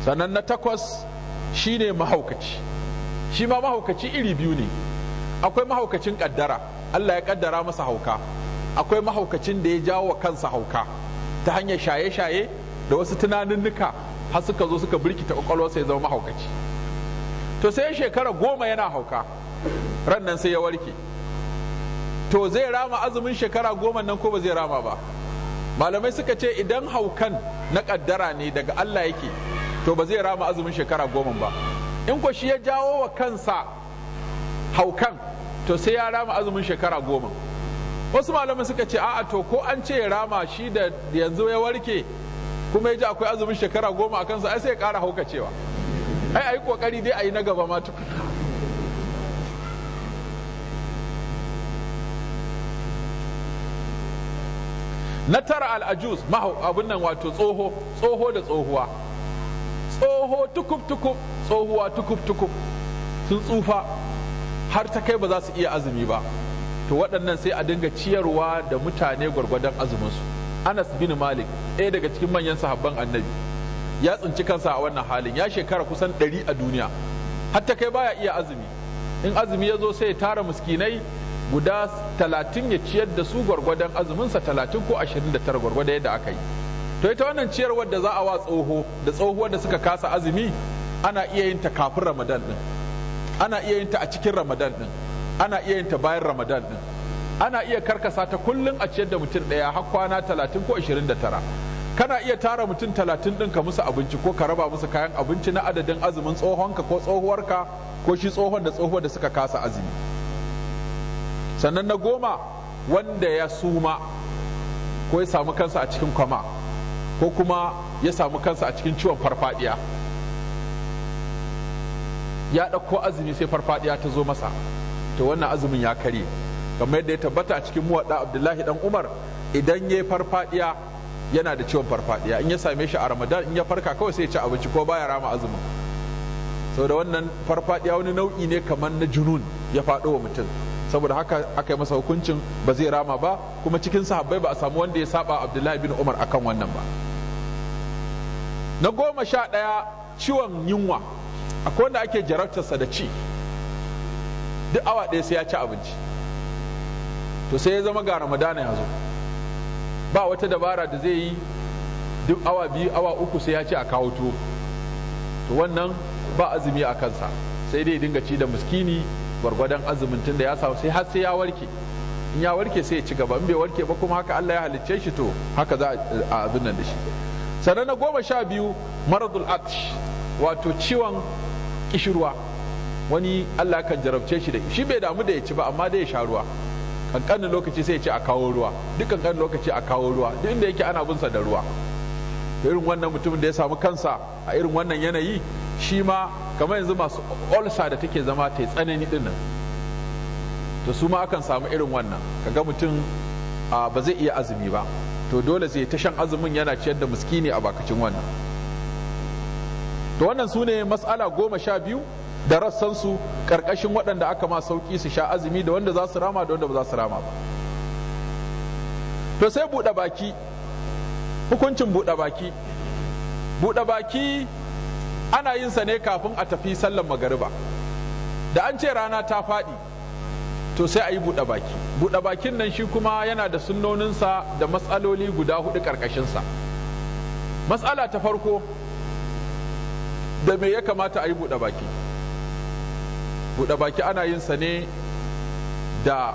sannan na takwas ne mahaukaci shi ma mahaukaci iri biyu ne akwai mahaukacin kaddara Allah ya kaddara masa hauka akwai mahaukacin da ya jawo wa kansa hauka ta hanyar shaye-shaye da wasu tunanin nuka har suka zo suka birkita kwakwalwa ya zama mahaukaci to sai shekara goma yana hauka ran nan sai ya warke to zai rama azumin shekara goma nan ko ba zai rama ba malamai suka ce idan haukan na kaddara ne daga Allah yake to ba zai rama azumin shekara goma ba in ko shi ya jawo wa kansa haukan to sai ya rama azumin shekara goma wasu malamai suka ce a'a to ko an ce rama shi da yanzu ya warke kuma ya ji akwai azumin shekara goma a kansa ai sai ya kara haukacewa cewa ai ayi kokari dai ayi na gaba ma na tara al'ajus maho abin nan wato tsoho tsoho da tsohuwa tsoho tukub tukub tsohuwa tukub tukub sun tsufa har ta kai ba za su iya azumi ba to waɗannan sai a dinga ciyarwa da mutane gwargwadon azuminsu anas bin malik ɗaya daga cikin manyan sahabban annabi ya tsinci kansa a wannan halin ya shekara kusan ɗari a duniya hatta kai baya iya azumi in azumi ya zo sai ya tara muskinai guda talatin ya ciyar da su gwargwadon azuminsa talatin ko ashirin da tara gwargwadon yadda aka yi to ita wannan ciyarwar da za a wa tsoho da tsohuwar da suka kasa azumi ana iya yin ta kafin ramadan din ana iya yin ta a cikin ramadan din ana iya yin ta bayan ramadan din ana iya karkasa ta kullum a ciyar da mutum ɗaya har kwana talatin ko ashirin da tara kana iya tara mutum talatin ɗin ka musu abinci ko ka raba musu kayan abinci na adadin azumin tsohonka ko tsohuwarka ko shi tsohon da tsohuwar da suka kasa azumi sannan na goma wanda ya suma ko ya samu kansa a cikin kwama ko kuma ya samu kansa a cikin ciwon farfadiya ya ɗauko azumi sai farfadiya ta zo masa to wannan azumin ya karye kamar yadda ya tabbata a cikin muwaɗa abdullahi dan umar idan ya yi farfadiya yana da ciwon farfadiya in ya same shi a ramadan in ya farka kawai sai ya ci abinci ko baya rama azumi sau da wannan farfadiya wani nau'i ne kamar na junun ya faɗo wa mutum saboda haka aka yi masa hukuncin ba zai rama ba kuma cikin sahabbai ba a samu wanda ya saba abdullahi bin umar akan wannan ba na goma sha ɗaya ciwon yunwa akwai wanda ake jarabtarsa da ci duk awa ɗaya sai ya ci abinci to sai ya zama ga ramadana ya zo ba wata dabara da zai yi duk awa biyu awa uku sai ya ce a kawo tuwo to wannan ba azumi a kansa sai dai dinga ci da miskini gwargwadon azumin tun da ya samu sai har sai ya warke in ya warke sai ya ci gaba in bai warke ba kuma haka Allah ya halicce shi to haka za a abin nan da shi sannan na goma sha biyu maradul atsh wato ciwon kishirwa wani Allah kan jarabce shi da shi bai damu da ya ci ba amma dai ya sha ruwa kankanin lokaci sai ya ce a kawo ruwa duk kankanin lokaci a kawo ruwa duk inda yake ana bunsa da ruwa irin wannan mutumin da ya samu kansa a irin wannan yanayi shi ma kamar yanzu masu olsa da take zama ta tsanani din nan to su ma akan samu irin wannan kaga mutum ba zai iya azumi ba to dole sai ta shan azumin yana ciyar da miskini a bakacin wannan to wannan su ne mas'ala goma sha biyu da rassansu karkashin waɗanda aka ma sauki su sha azumi da wanda za su rama da wanda ba za su rama ba to sai buɗe baki hukuncin buɗe baki buɗe baki ana yin sa ne kafin a tafi sallan magariba da an ce rana ta faɗi to sai a yi buɗe baki buɗe bakin nan shi kuma yana da sunnoninsa da matsaloli guda huɗu ƙarƙashinsa matsala ta farko da me ya kamata a yi buɗe baki buɗe baki ana yin sa ne da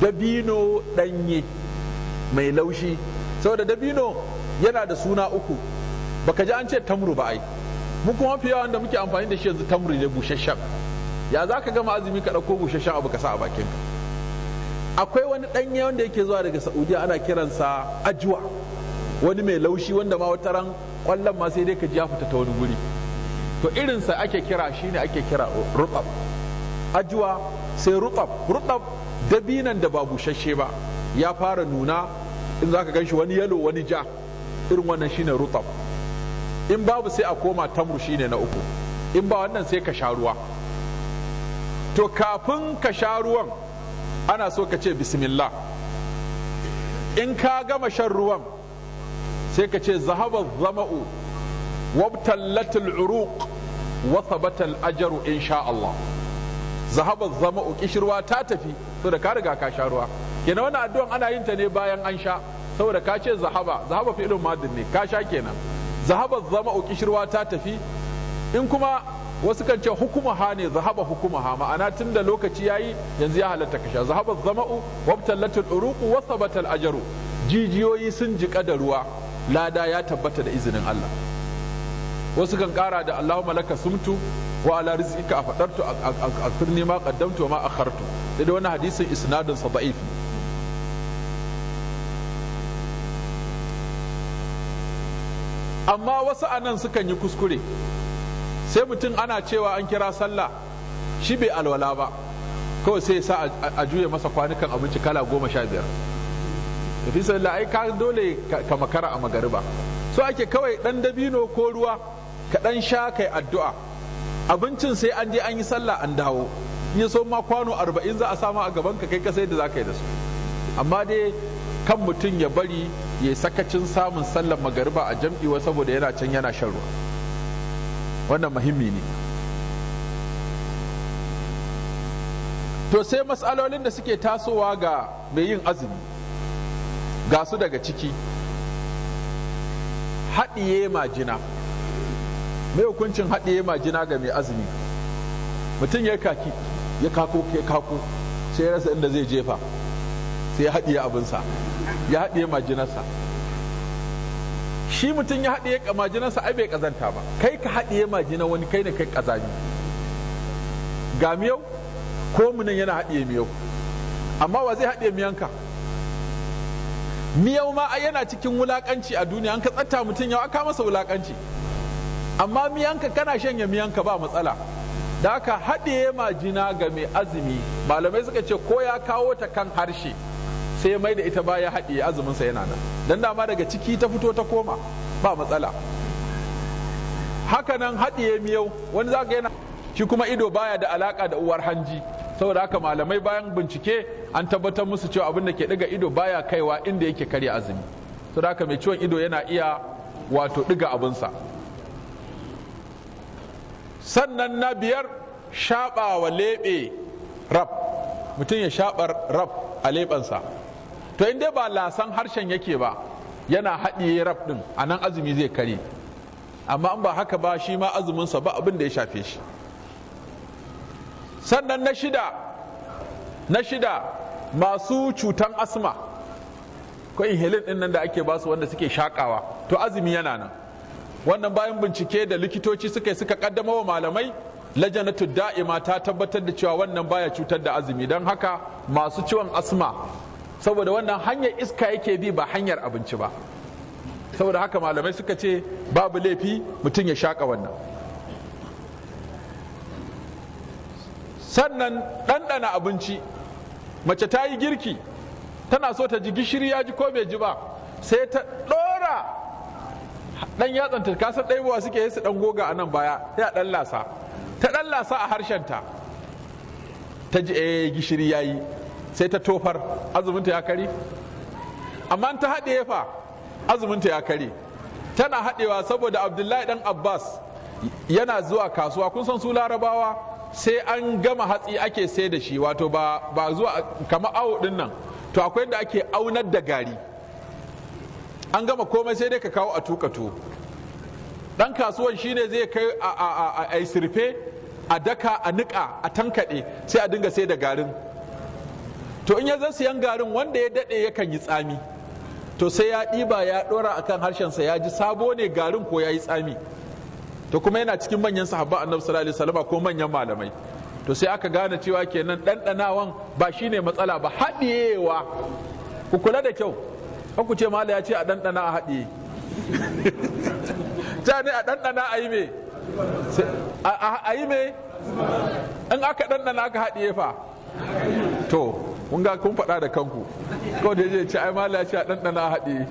dabino ɗanye mai laushi saboda dabino yana da suna uku baka ji an ce tamru ba ai mu kuma fi yawan da muke amfani da shi yanzu tamru ne busasshen ya za ka gama azumi ka ɗauko busasshen abu ka sa a bakin akwai wani ɗanye wanda yake zuwa daga saudiya ana kiransa ajuwa wani mai laushi wanda ma wata ran ƙwallon ma sai dai ka ji ya fita ta wani guri to irinsa ake kira shi ne ake kira rutsab ajuwa sai rutab rutab dabinan da ba bushashe ba ya fara nuna in ka ganshi wani yalo wani ja irin wannan shine rutab in babu sai a koma tamru shine na uku in ba wannan sai ka sha ruwa to kafin ka sha ruwan ana so ka ce bismillah in ka gama shan ruwan sai ka ce zahaba zama'u wabtallatul uruq wa thabata al-ajru insha Allah zahabar zama kishirwa ta tafi saboda ka riga ka sha ruwa kenan wannan addu'an ana yin ta ne bayan an sha saboda ka ce zahaba zahaba fi'ilun madin ne ka sha kenan zahabar zama kishirwa ta tafi in kuma wasu kan ce hukumaha ne zahaba hukumaha ma'ana tun da lokaci yayi yanzu ya halatta ka zahabar zama zama'u wabtallatul uruqu wa sabatal ajaru jijiyoyi sun jika da ruwa lada ya tabbata da izinin Allah wasu kan kara da Allahumma laka sumtu wa ala rizqika afadartu akfirni ma qaddamtu wa ma akhartu dai wannan hadisin isnadin sa da'if amma wasu anan sukan yi kuskure sai mutum ana cewa an kira sallah shi bai alwala ba kawai sai sa a juya masa kwanukan abinci kala goma sha biyar Tafi sallah ai ka dole ka makara a magariba so ake kawai dan dabino ko ruwa ka dan sha kai addu'a abincin sai an je an yi sallah an dawo in so ma kwano arba'in za a sama a gaban ka kai ka sai da za ka yi da su amma dai kan mutum ya bari ya sakacin samun sallar magariba a jam'iwa saboda yana can yana shan ruwa wannan muhimmi ne to sai matsalolin da suke tasowa ga mai yin azumi ga su daga ciki haɗiye majina mai hukuncin haɗe majina ga mai azumi mutum ya kaki ya kako ya kako sai ya rasa inda zai jefa sai ya haɗiye abinsa ya haɗiye majinarsa shi mutum ya haɗiye majinarsa ai bai ƙazanta ba kai ka haɗiye majina wani kai ne kai ƙazami ga miyau ko munan yana haɗiye miyau amma wa zai haɗiye miyanka miyau ma yana cikin wulaƙanci a duniya an ka tsatta mutum yau aka masa wulaƙanci amma miyanka kana shanya miyanka ba matsala da aka haɗiye majina ga mai azumi malamai suka ce ko ya kawo ta kan harshe sai mai da ita baya haɗiye azuminsa yana nan don dama daga ciki ta fito ta koma ba matsala haka nan haɗiye miyau wani za ka yana shi kuma ido baya da alaƙa da uwar hanji saboda haka malamai bayan bincike an tabbatar musu cewa abin da ke ɗiga ido baya kaiwa inda yake karya azumi saboda haka mai ciwon ido yana iya wato ɗiga abinsa sannan na biyar shaɓawa leɓe rab mutum ya shaɓar rab a leɓensa to in dai ba lasan harshen yake ba yana haɗiye rab ɗin a nan azumi zai kare amma in ba haka ba shi ma azuminsa ba abin da ya shafe shi sannan na shida na shida masu cutan asma ko inhalin ɗin nan da ake basu wanda suke shaƙawa to azumi yana nan wannan bayan bincike da likitoci suka suka kaddama wa malamai lajanatu da'ima ta tabbatar da cewa wannan baya cutar da azumi don haka masu ciwon asma saboda wannan hanyar iska yake bi ba hanyar abinci ba saboda haka malamai suka ce babu laifi mutum ya shaƙa wannan sannan ɗanɗana abinci mace ta yi girki tana so ta ji gishiri ya ji ko bai ji ba sai ta ɗora dan yatsanta ka san ɗaibowa suke yi su dan goga a nan baya a dan lasa ta dan lasa a harshen ta ta ji eh gishiri yayi sai ta tofar azuminta ya kare amma ta haɗe fa azuminta ya kare tana haɗewa saboda abdullahi dan abbas yana zuwa kasuwa kun san su larabawa sai an gama hatsi ake sai da shi wato ba zuwa kama awo ɗinnan, to akwai da ake aunar da gari an gama komai sai dai ka kawo a tuka to dan kasuwan shine zai kai a sirfe a daka a niƙa a tankaɗe sai a dinga sai da garin to in ya zan siyan garin wanda ya daɗe yakan yi tsami to sai ya ɗiba ya ɗora akan sa, ya ji sabo ne garin ko ya yi tsami to kuma yana cikin manyan sahabba annabi sallallahu alaihi wasallam ko manyan malamai to sai aka gane cewa kenan ɗanɗanawan ba shine matsala ba haɗiyewa ku kula da kyau ku ce mala ya ce a ɗanɗana a haɗiye ta ne a ɗanɗana a yi me a yi me in aka ɗanɗana aka haɗiye fa to kun ga kun faɗa da kanku ko da ya ce ai mala ya ce a ɗanɗana a haɗiye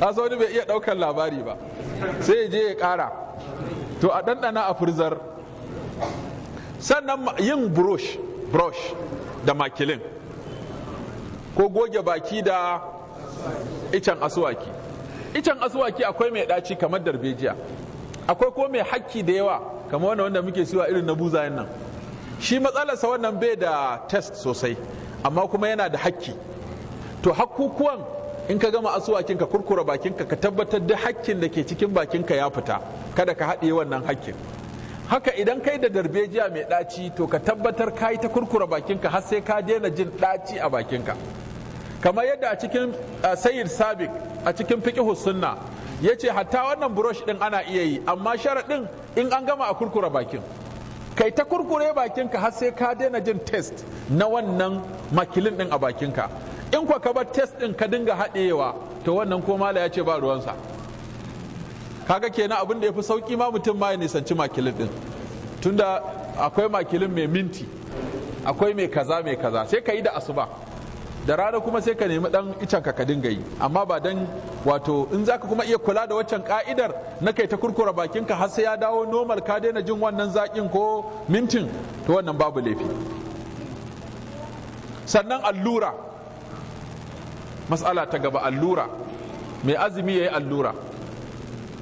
a wani bai iya ɗaukar labari ba sai ya je ya ƙara to a ɗanɗana a furzar sannan yin brush brush da makilin ko goge baki da Ican asuwaki ican asuwaki akwai mai ɗaci kamar darbejiya akwai ko mai hakki da yawa kamar wannan wanda muke siwa irin na buzayen nan shi matsalarsa wannan bai da test sosai amma kuma yana da hakki to hakkukuwan in ka gama asuwakin ka kurkura bakinka ka tabbatar da hakkin da ke cikin bakinka ya fita kada ka haɗe wannan hakkin haka idan kai da darbejiya mai ɗaci to ka tabbatar ka yi ta kurkura bakinka har sai ka daina jin ɗaci a bakinka kamar yadda a cikin uh, sayyid sabik a cikin fiqhu sunna yace hatta wannan brush din ana iya yi amma sharaɗin in an gama a kurkura bakin kai ta kurkure bakinka har sai ka daina jin test na wannan makilin din a bakinka in kwa ka bar test din ka dinga hadewa to wannan ko mala yace ba ba ruwansa kaga kenan abin da ya fi sauki ma mutum ma ya nisanci makilin din tunda akwai makilin mai minti akwai mai kaza mai kaza sai ka yi da asuba da rana kuma sai ka nemi dan icen ka dinga yi amma ba dan wato in zaka kuma iya kula da waccan ka'idar na kai ta kurkura bakin ka har sai ya dawo normal ka daina jin wannan zakin ko mintin to wannan babu laifi sannan allura mas'ala ta gaba allura mai azumi yayi allura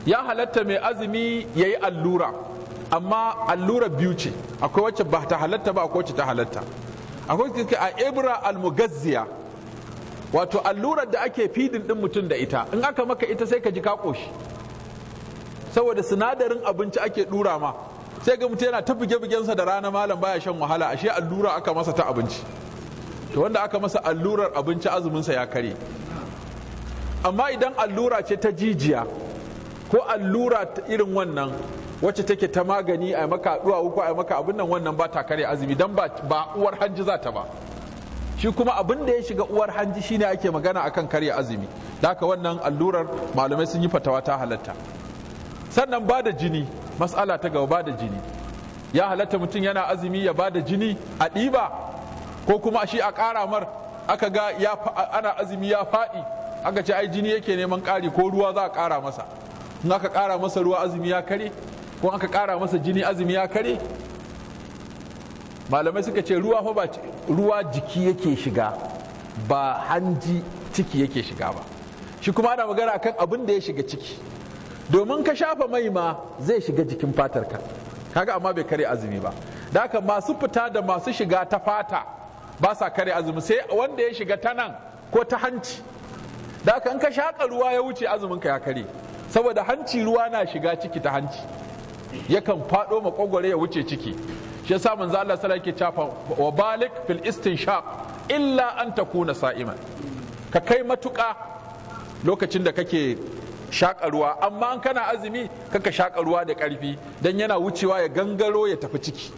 ya halatta mai azumi yayi allura amma allura biyu ce akwai wacce ba ta halatta ba akwai wacce ta halatta akwai suke a ibra almugazziya wato allurar da ake fidin din mutum da ita in aka maka ita sai ka ji ka koshi saboda sinadarin abinci ake dura ma sai ga mutum yana ta buge-bugensa da rana malam baya shan wahala ashe allura aka masa ta abinci to wanda aka masa allurar abinci azumin sa ya kare amma idan allura ce ta jijiya ko allura irin wannan wacce take ta magani a maka duwa uku a maka abin nan wannan ba ta kare azumi dan ba uwar hanji za ta ba shi kuma abin da ya shiga uwar hanji shine ake magana akan karya azumi da haka wannan allurar malamai sun yi fatawa ta halatta sannan ba da jini matsala ta gaba ba da jini ya halatta mutum yana azumi ya ba da jini a ɗiba ko kuma shi a ƙara mar aka ga ana azumi ya faɗi aka ce ai jini yake neman ƙari ko ruwa za a ƙara masa in aka ƙara masa ruwa azumi ya kare ko aka kara masa jini azumi ya kare malamai suka ce ruwa fa ba ruwa jiki yake shiga ba hanji ciki yake shiga ba shi kuma ana magana akan abin da ya shiga ciki domin ka shafa mai ma zai shiga jikin fatarka kaga amma bai kare azumi ba da haka masu fita da masu shiga ta fata ba sa kare azumi sai wanda ya shiga ta nan ko ta hanci da haka in ka shaka ruwa ya wuce azumin ka ya kare saboda hanci ruwa na shiga ciki ta hanci yakan faɗo makogware ya wuce ciki shi yasa manzo Allah sallallahu alaihi wasallam yake wa balik fil istinshaq illa an takuna sa'iman ka kai matuƙa lokacin da kake shaƙa ruwa amma an kana azumi kaka shaƙa ruwa da ƙarfi dan yana wucewa ya gangaro ya tafi ciki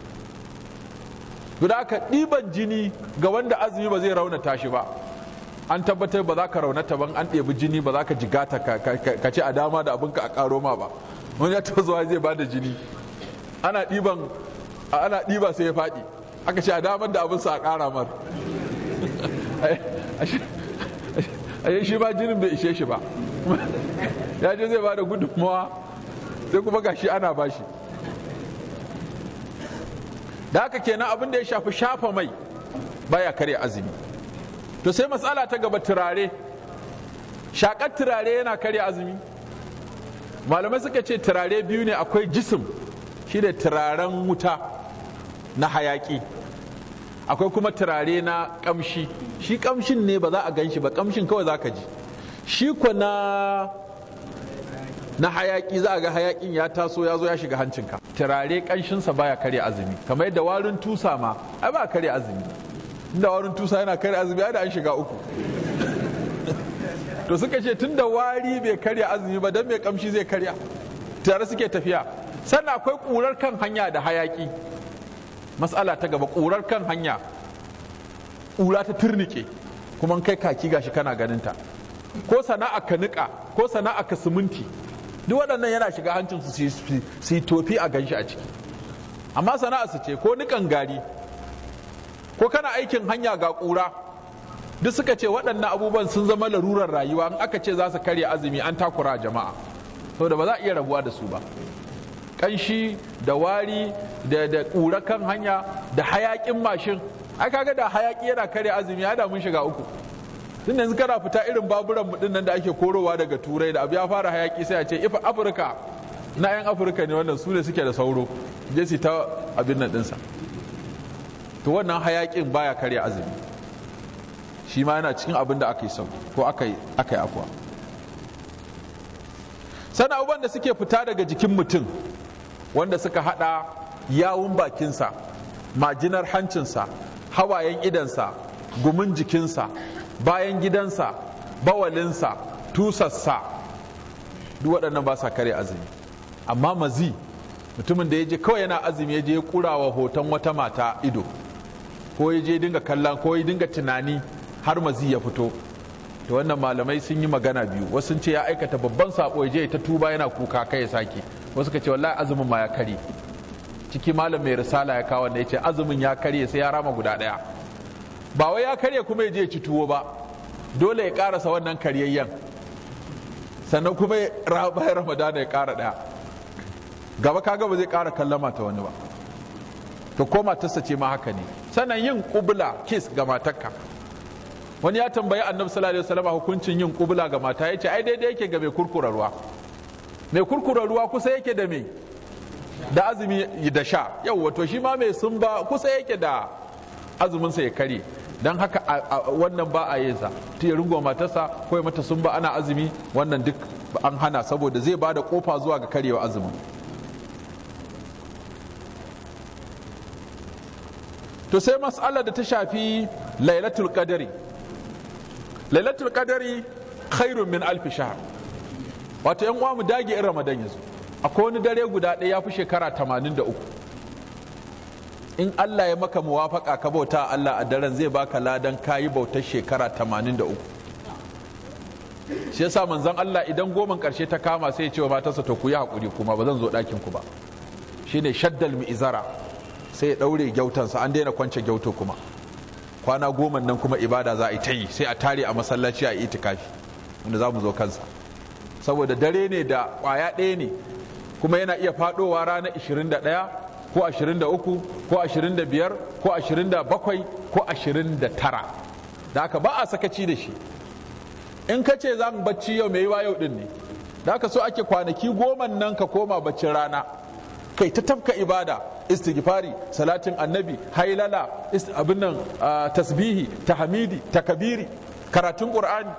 da aka ɗiban jini ga wanda azumi ba zai rauna tashi ba an tabbatar ba za ka raunata ban an ɗebi jini ba za ka jigata ka ce a dama da abinka a ƙaro ma ba wani ya taɓa zuwa zai bada jini ana ɗiban ana ɗiba sai ya faɗi aka ce a damar da abin sa a ƙara mar a shi ba jinin bai ishe shi ba ya je zai bada gudunmawa sai kuma gashi ana bashi da haka kenan abin da ya shafi shafa mai baya karya azumi to sai matsala ta gaba turare shakar turare yana karya azumi malamai suka ce turare biyu ne akwai jisim shi da turaren wuta na hayaki akwai kuma turare na kamshi shi kamshin ne ba za a gan shi ba kamshin kawai za ka ji shi ko na na hayaki za a ga hayakin ya taso ya zo ya shiga hancinka turare kanshinsa baya kare azumi kamar yadda warin tusa ma ai ba kare azumi inda warin tusa yana kare azumi ai da an shiga uku to suka ce tun da wari bai karya azumi ba don mai kamshi zai karya tare suke tafiya sannan akwai ƙurar kan hanya da hayaƙi matsala ta gaba ƙurar kan hanya ƙura ta turnike kuma kai kaki gashi kana ganinta ko sana'a ka niƙa ko sana'a ka siminti duk waɗannan yana shiga hancin su yi tofi a ganshi a ciki amma sana'a su ce ko niƙan gari ko kana aikin hanya ga ƙura duk suka ce waɗannan abubuwan sun zama larurar rayuwa in aka ce za su karya azumi an takura jama'a saboda ba za a iya rabuwa da su ba ƙanshi da wari da ƙura kan hanya da hayaƙin mashin ai ga da hayaƙi yana karya azumi ya da mun shiga uku tun yanzu kana fita irin baburan mu nan da ake korowa daga turai da abu ya fara hayaƙi sai a ce ifa afirka na 'yan afirka ne wannan su ne suke da sauro je ta abin nan ɗinsa to wannan hayaƙin baya karya azumi shi ma yana cikin abin da aka yi sau ko aka yi afuwa sana abubuwan da suke fita daga jikin mutum wanda suka hada yawun bakinsa majinar hancinsa hawayen idansa gumin jikinsa bayan gidansa bawalinsa tusassa duk waɗannan ba sa kare azumi amma mazi mutumin da ya je kawai yana azumi ya je ya kurawa hoton wata mata ido ko ya je dinga kallon ko ya dinga tunani har mazi ya fito to wannan malamai sun yi magana biyu wasu ce ya aikata babban sabo ya je ta tuba yana kuka kai ya sake wasu ka ce wallahi azumin ma ya kare ciki malam mai risala ya kawo wanda ya ce azumin ya karye sai ya rama guda ɗaya ba wai ya karye kuma ya je ci tuwo ba dole ya karasa wannan karyayyen sannan kuma ya bayan ramadana ya kara ɗaya gaba kaga ba zai kara kallama ta wani ba to ko matarsa ce ma haka ne sannan yin kubla kis ga matarka wani ya tambayi annabi sallallahu alaihi wasallam hukuncin yin kubula ga mata yace ai daidai yake ga mai kurkura ruwa mai kurkura ruwa kusa yake da me da azumi da sha yau wato shi ma mai sumba kusa yake da azumin sa ya kare dan haka wannan ba a yin sa ta ya rungo matarsa ko ya mata sumba ana azumi wannan duk an hana saboda zai ba da kofa zuwa ga karewa azumin to sai mas'ala da ta shafi lailatul qadari lailatul qadari khairun min alfi shahar, wato yan uwa mu dage in ramadan yanzu akwai wani dare guda ɗaya ya fi shekara 83 in Allah ya maka muwafaka ka bauta Allah a daren zai baka ladan kayi bautar shekara tamanin 83 shi yasa manzon Allah idan goman karshe ta kama sai ya ce wa matarsa to ku yi hakuri kuma ba zan zo ɗakin ku ba shine shaddal mi'izara sai ya ɗaure gyautansa an daina kwance gyauto kuma kwana goma nan kuma ibada za a yi ta yi sai a tare a masallaci a itikafi wanda za mu zo kansa saboda dare ne da kwaya ɗaya ne kuma yana iya faɗowa rana 21 ko 23 ko 25 ko 27 ko 29 da aka ba a sakaci da shi in ka ce za mu bacci yau mai wa yau din ne da aka so ake kwanaki goma nan ka koma baccin rana kai ta tafka ibada istighfari salatin annabi hailala abin nan tasbihi tahmidi takabiri karatun qur'ani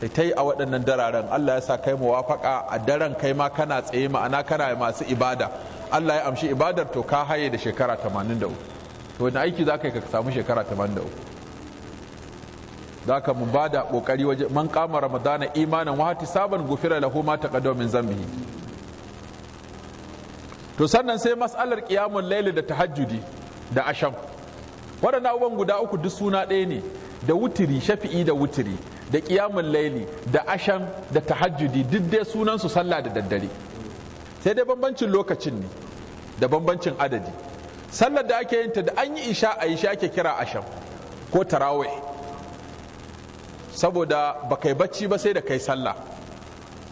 kai ta a waɗannan dararen Allah ya sa kai mu wafaka a daren kai ma kana tsaye ma'ana kana masu ibada Allah ya amshi ibadar to ka haye da shekara 83 to wani aiki za ka yi ka samu shekara 83 za ka mu ba da ƙoƙari waje man kama ramadana imanin wahati saban gufira lahu ma taqaddama min zambihi to sannan sai mas'alar ƙiyamun laili da tahajjudi da asham waɗanda abubuwan guda uku duk suna ɗaya ne da wutiri shafi'i da wutiri da ƙiyamun laili da asham da tahajjudi duk dai sunansu sallah da daddare sai dai bambancin lokacin ne da bambancin adadi sallar da ake ta da an yi isha a isha ake kira asham ko tarawe saboda ba kai bacci ba sai da kai sallah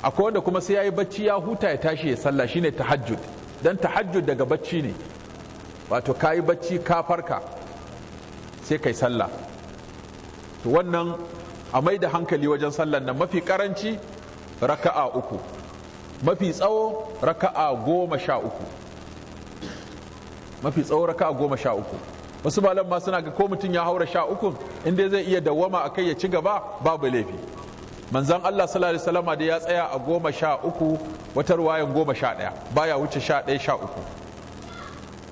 akwai wanda kuma sai ya yi bacci ya huta ya tashi ya sallah shine tahajjud don tahajjud daga bacci ne wato ka yi bacci ka farka sai kai sallah to wannan a mai da hankali wajen sallan nan mafi karanci raka'a uku mafi tsawo raka'a goma sha uku mafi tsawo raka'a goma sha uku wasu malam ma suna ga ko mutum ya haura sha uku inda zai iya dawwama a kai ya ci gaba babu laifi manzan Allah sallallahu alaihi wasallam da ya tsaya a goma sha uku wata ruwayan goma sha ɗaya baya wuce sha ɗaya sha uku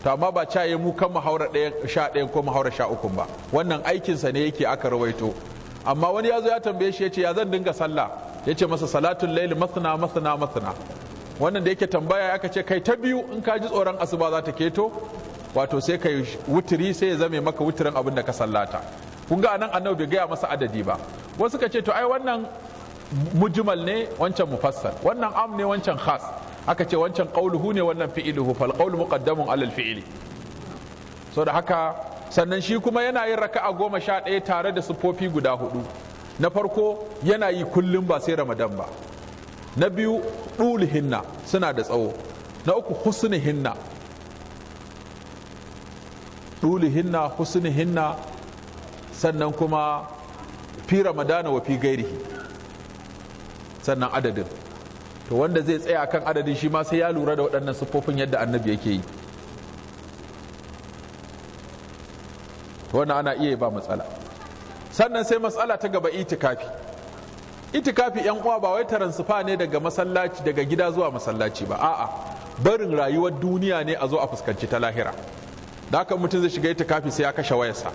to amma ba caye mu kan mahaura ɗaya sha ɗaya ko mahaura sha uku ba wannan aikinsa ne yake aka rawaito amma wani ya zo ya tambaye shi ya ce ya zan dinga sallah ya ce masa salatun laili masana masana masana wannan da yake tambaya aka ce kai ta biyu in ka ji tsoron asuba za ta keto wato sai ka wuturi sai ya zame maka wutirin abin da ka sallata kun ga anan annabi bai gaya masa adadi ba wasu suka ce to ai wannan mujmal ne wancan mufassal wannan am ne wancan khas aka ce wancan qauluhu ne wannan fi'iluhu fal qawlu muqaddamun ala al fi'li so da haka sannan shi kuma yana yin raka'a goma sha ɗaya tare da sufofi guda hudu na farko yana yi kullum ba sai ramadan ba na biyu hinna suna da tsawo na uku hinna. husnihinna hinna sannan kuma fi ramadana wa fi gairihi sannan adadin to wanda zai tsaya kan adadin shi ma sai ya lura da waɗannan siffofin yadda annabi yake yi wannan ana iya ba matsala sannan sai matsala ta gaba itikafi itikafi yan uwa ba wai taransifa ne daga masallaci daga gida zuwa masallaci ba a'a barin rayuwar duniya ne a zo a fuskanci ta lahira da haka mutum zai shiga itikafi sai ya kashe wayarsa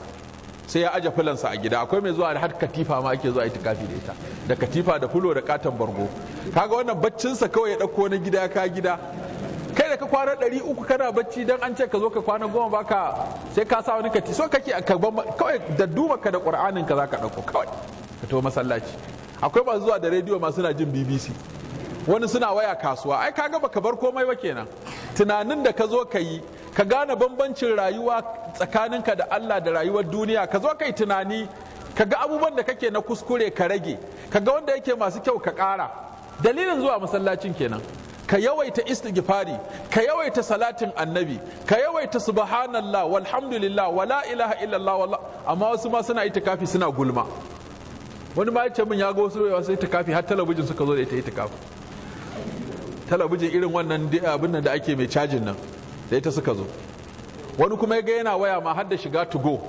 sai ya aje filansa a gida akwai mai zuwa da har katifa ma ake zuwa itikafi da ita da katifa da fulo da katon bargo kaga wannan baccin sa kawai ya dauko na gida ka gida kai da ka kwana ɗari uku kana bacci dan an ce ka zo ka kwana goma baka sai ka sa wani kati so kake kawai da duba ka da qur'anin ka za ka kawai ka to masallaci akwai masu zuwa da rediyo ma suna jin bbc wani suna waya kasuwa ai kaga baka bar komai ba kenan tunanin da ka zo ka yi ka gane bambancin rayuwa tsakaninka da Allah da rayuwar duniya ka zo kai tunani ka ga abubuwan da kake na kuskure ka rage ka ga wanda yake masu kyau ka ƙara dalilin zuwa masallacin kenan ka yawaita istighfari ka yawaita salatin annabi ka yawaita subhanallah walhamdulillah wala ilaha illallah wala amma wasu ma suna itikafi suna gulma wani ma yace min ya ga wasu yawa sai itikafi har talabijin suka zo da ita itikafi talabijin irin wannan abin nan da ake mai cajin nan sai ta suka zo wani kuma ga yana waya ma har da shiga go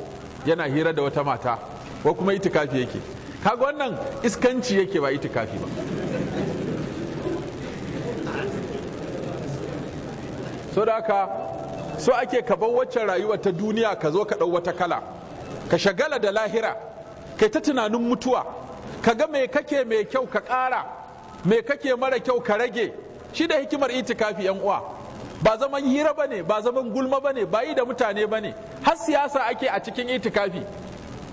yana hira da wata mata ko kuma itikafi yake kaga wannan iskanci yake ba itikafi ba so da haka so ake ka bar waccan rayuwar ta duniya ka zo ka ɗau wata kala ka shagala da lahira kai ta tunanin mutuwa ka ga me kake mai kyau ka ƙara me kake mara kyau ka rage shi da hikimar itikafi yan uwa ba zaman hira ba ne ba zaman gulma ba ne ba yi da mutane ba ne har siyasa ake a cikin itikafi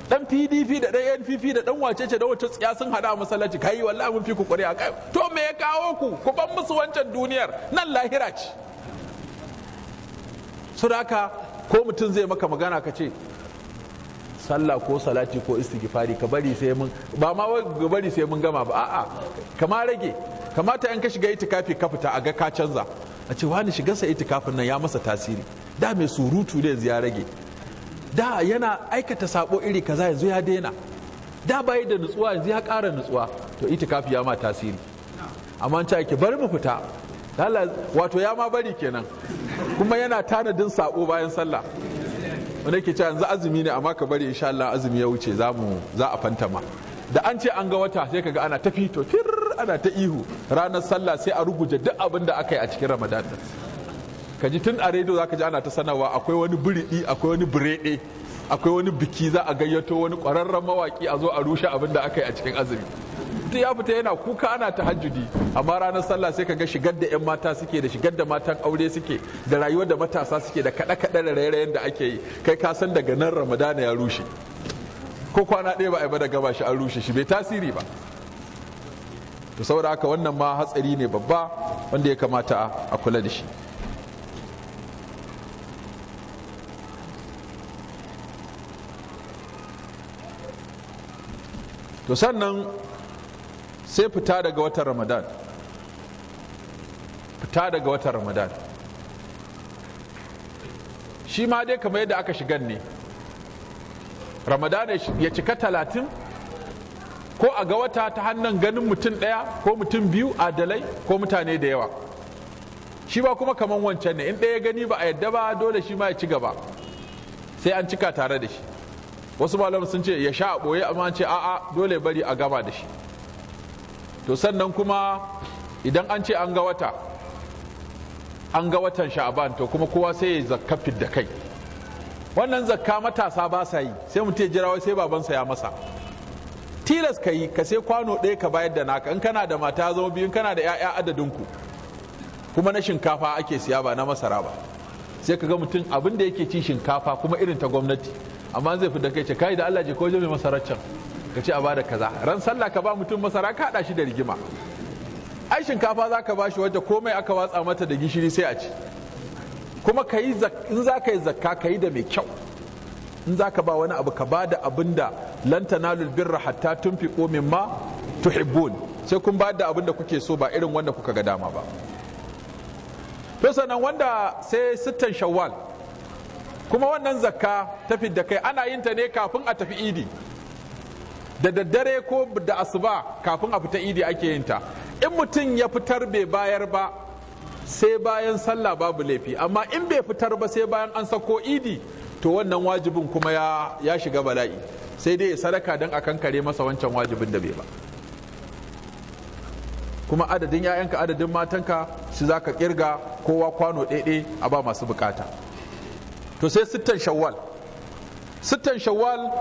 dan pdp da dan npp da dan wacece da wata tsiya sun hada masallaci ka yi wallahi mun fi ku a kai to me ya kawo ku ku ban musu wancan duniyar nan lahira ce suraka ko mutum zai maka magana ka ce sallah ko salati ko istighfari ka bari sai mun ba ma ka bari sai mun gama ba a'a kama rage kamata in ka shiga itikafi ka fita a ga ka canza a ce wani sa itikafin nan ya masa tasiri da mai surutu da ya rage da yana aikata sabo iri kaza yanzu ya daina da bai da nutsuwa yanzu ya ƙara nutsuwa to itikafi ya ma tasiri amma ta ake bari mu fita wato ya ma bari kenan kuma yana tanadin sabo bayan sallah wanda ke cewa yanzu azumi ne amma ka bari insha Allah azumi ya wuce za a fantama da an ce an ga wata sai kaga ana tafi to fir ana ta ihu ranar sallah sai a ruguje duk abin da aka yi a cikin ramadan ka ji tun a rediyo za ka ji ana ta sanarwa akwai wani biridi akwai wani birede akwai wani biki za a gayyato wani kwararren mawaki a zo a rushe abin da aka yi a cikin azumi duk ya fita yana kuka ana ta tahajjudi amma ranar sallah sai ka ga shigar da 'yan mata suke da shigar da matan aure suke da rayuwar da matasa suke da kaɗe-kaɗe da rayen da ake yi kai ka san daga nan ramadana ya rushe ko kwana ɗaya ba a yi ba da gaba shi an rushe shi bai tasiri ba to saboda haka wannan ma hatsari ne babba wanda ya kamata a kula da shi to sannan sai fita daga watan ramadan fita daga watan ramadan shi ma dai kamar yadda aka shigan ne ramadan ya cika talatin ko a ga wata ta hannun ganin mutum ɗaya ko mutum biyu adalai ko mutane da yawa shi ba kuma kaman wancan ne in ɗaya gani ba a yadda ba dole shi ma ya ci gaba sai an cika tare da shi wasu malamu sun ce ya sha a ɓoye amma an ce a'a dole bari a gama da shi to sannan kuma idan an ce an ga wata an ga watan sha'aban to kuma kowa sai ya zakka da kai wannan zakka matasa ba sa yi sai mutum ya jira sai babansa ya masa tilas ka yi ka sai kwano ɗaya ka bayar da naka in kana da mata zama biyu in kana da 'ya'ya adadin kuma na shinkafa ake siya ba na masara ba sai ka ga mutum abin da yake ci shinkafa kuma irin ta gwamnati amma zai fi da kai ce kai da Allah je ko mai masarar can ka ce a bada kaza ran sallah ka ba mutum masara ka hada shi da rigima ai shinkafa za ka bashi wadda komai aka watsa mata da gishiri sai a ci kuma in za ka yi zakka ka yi da mai kyau in za ka ba wani abu ka ba da abin da lantana lulbirra hatta tun fi komin ma tuhibbun sai kun ba da abin da kuke so ba irin wanda kuka ga dama ba to sannan wanda sai sittan shawwal kuma wannan zakka ta da kai ana yin ta ne kafin a tafi idi da daddare ko da asuba kafin a fita idi ake yin ta in mutum ya fitar bai bayar ba sai bayan sallah babu laifi amma in bai fitar ba sai bayan an sako idi to wannan wajibin kuma ya shiga bala'i sai dai ya sadaka don akan kare masa wancan wajibin da bai ba kuma adadin 'ya'yanka adadin matanka su za ka kirga kowa kwano ɗaiɗe a ba masu bukata to sai sittan shawwal sittan shawwal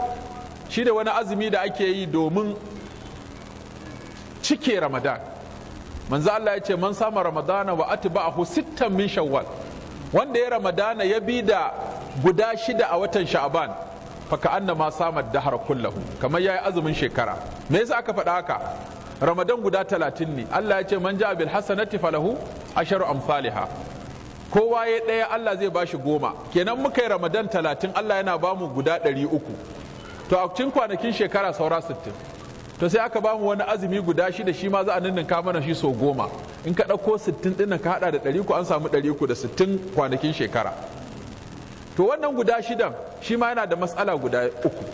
shi da wani azumi da ake yi domin cike ramadan manzo Allah ya ce man sama ramadana wa atba'ahu sittan min shawwal wanda ya ramadana ya bi da guda shida a watan sha'aban faka anna ma samar dahar kullahu kamar ya yi azumin shekara me yasa aka faɗa haka ramadan guda talatin ne Allah ya ce man ja bil hasanati falahu asharu amsalha kowa ya ɗaya Allah zai bashi goma kenan muka yi ramadan talatin Allah yana ba mu guda ɗari uku to a cikin kwanakin shekara saura sittin to sai aka ba mu wani azumi guda shida shi ma za a ninninka mana shi sau goma in ka ɗauko sittin ɗin ka haɗa da ɗari ku an samu ɗari uku da sittin kwanakin shekara to wannan guda shidan shi ma yana da matsala guda uku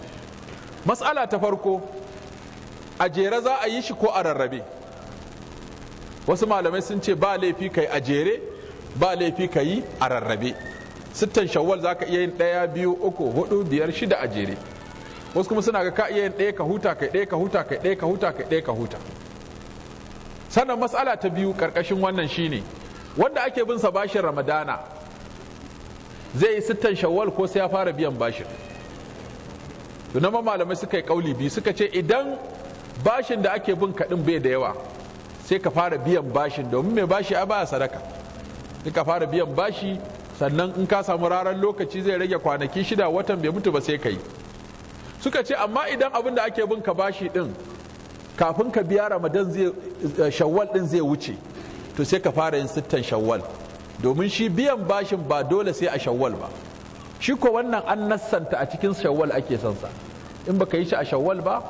matsala ta farko a jere za a yi shi ko a rarrabe wasu malamai sun ce ba laifi ka yi a jere ba laifi ka yi a rarrabe sittan shawwal za ka iya yin ɗaya biyu uku hudu biyar shida a jere wasu kuma suna ga ka iya yin ɗaya ka huta kai ɗaya ka huta kai ɗaya ka huta kai ɗaya ka huta sannan matsala ta biyu ƙarƙashin wannan shine wanda ake bin sa bashin ramadana zai yi sittan shawwal ko sai ya fara biyan bashin to nan malamai suka yi kauli biyu suka ce idan bashin da ake bin kaɗin bai da yawa sai ka fara biyan bashin domin mai bashi a ba sadaka sai ka fara biyan bashi sannan in ka samu raran lokaci zai rage kwanaki shida watan bai mutu ba sai ka yi suka ce amma idan abin da ake bin ka bashi din kafin ka biya ramadan zai eh, shawwal din zai wuce to sai ka fara yin sittan shawwal domin shi biyan bashin ba dole sai a shawwal ba shi ko wannan an nassanta a cikin shawwal ake son sa in baka yi shi a shawwal ba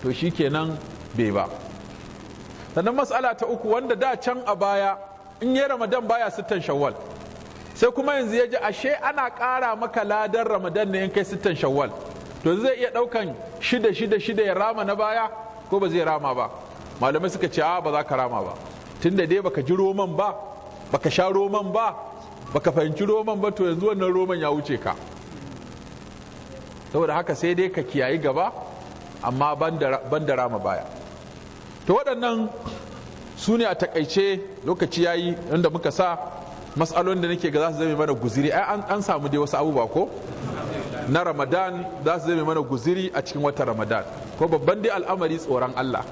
to shi kenan bai ba sannan matsala ta uku wanda da can a baya in ya ramadan baya sittan shawwal sai kuma yanzu ya ji ashe ana ƙara maka ladan ramadan ne in kai sittan shawwal to zai iya ɗaukan shida shida shida ya rama na baya ko ba zai rama ba malamai suka ce a ba za ka rama ba tunda dai baka ji roman ba baka sha roman ba baka fahimci roman ba to yanzu wannan roman ya wuce ka saboda haka sai dai ka kiyayi gaba amma ban da rama baya to waɗannan su ne a takaice lokaci ya yi inda muka sa matsalolin da nake ga za su zame mana guziri an samu dai wasu abubuwa ko na ramadan za su zame mana guziri a cikin wata ramadan ko babban dai al'amari tsoron allah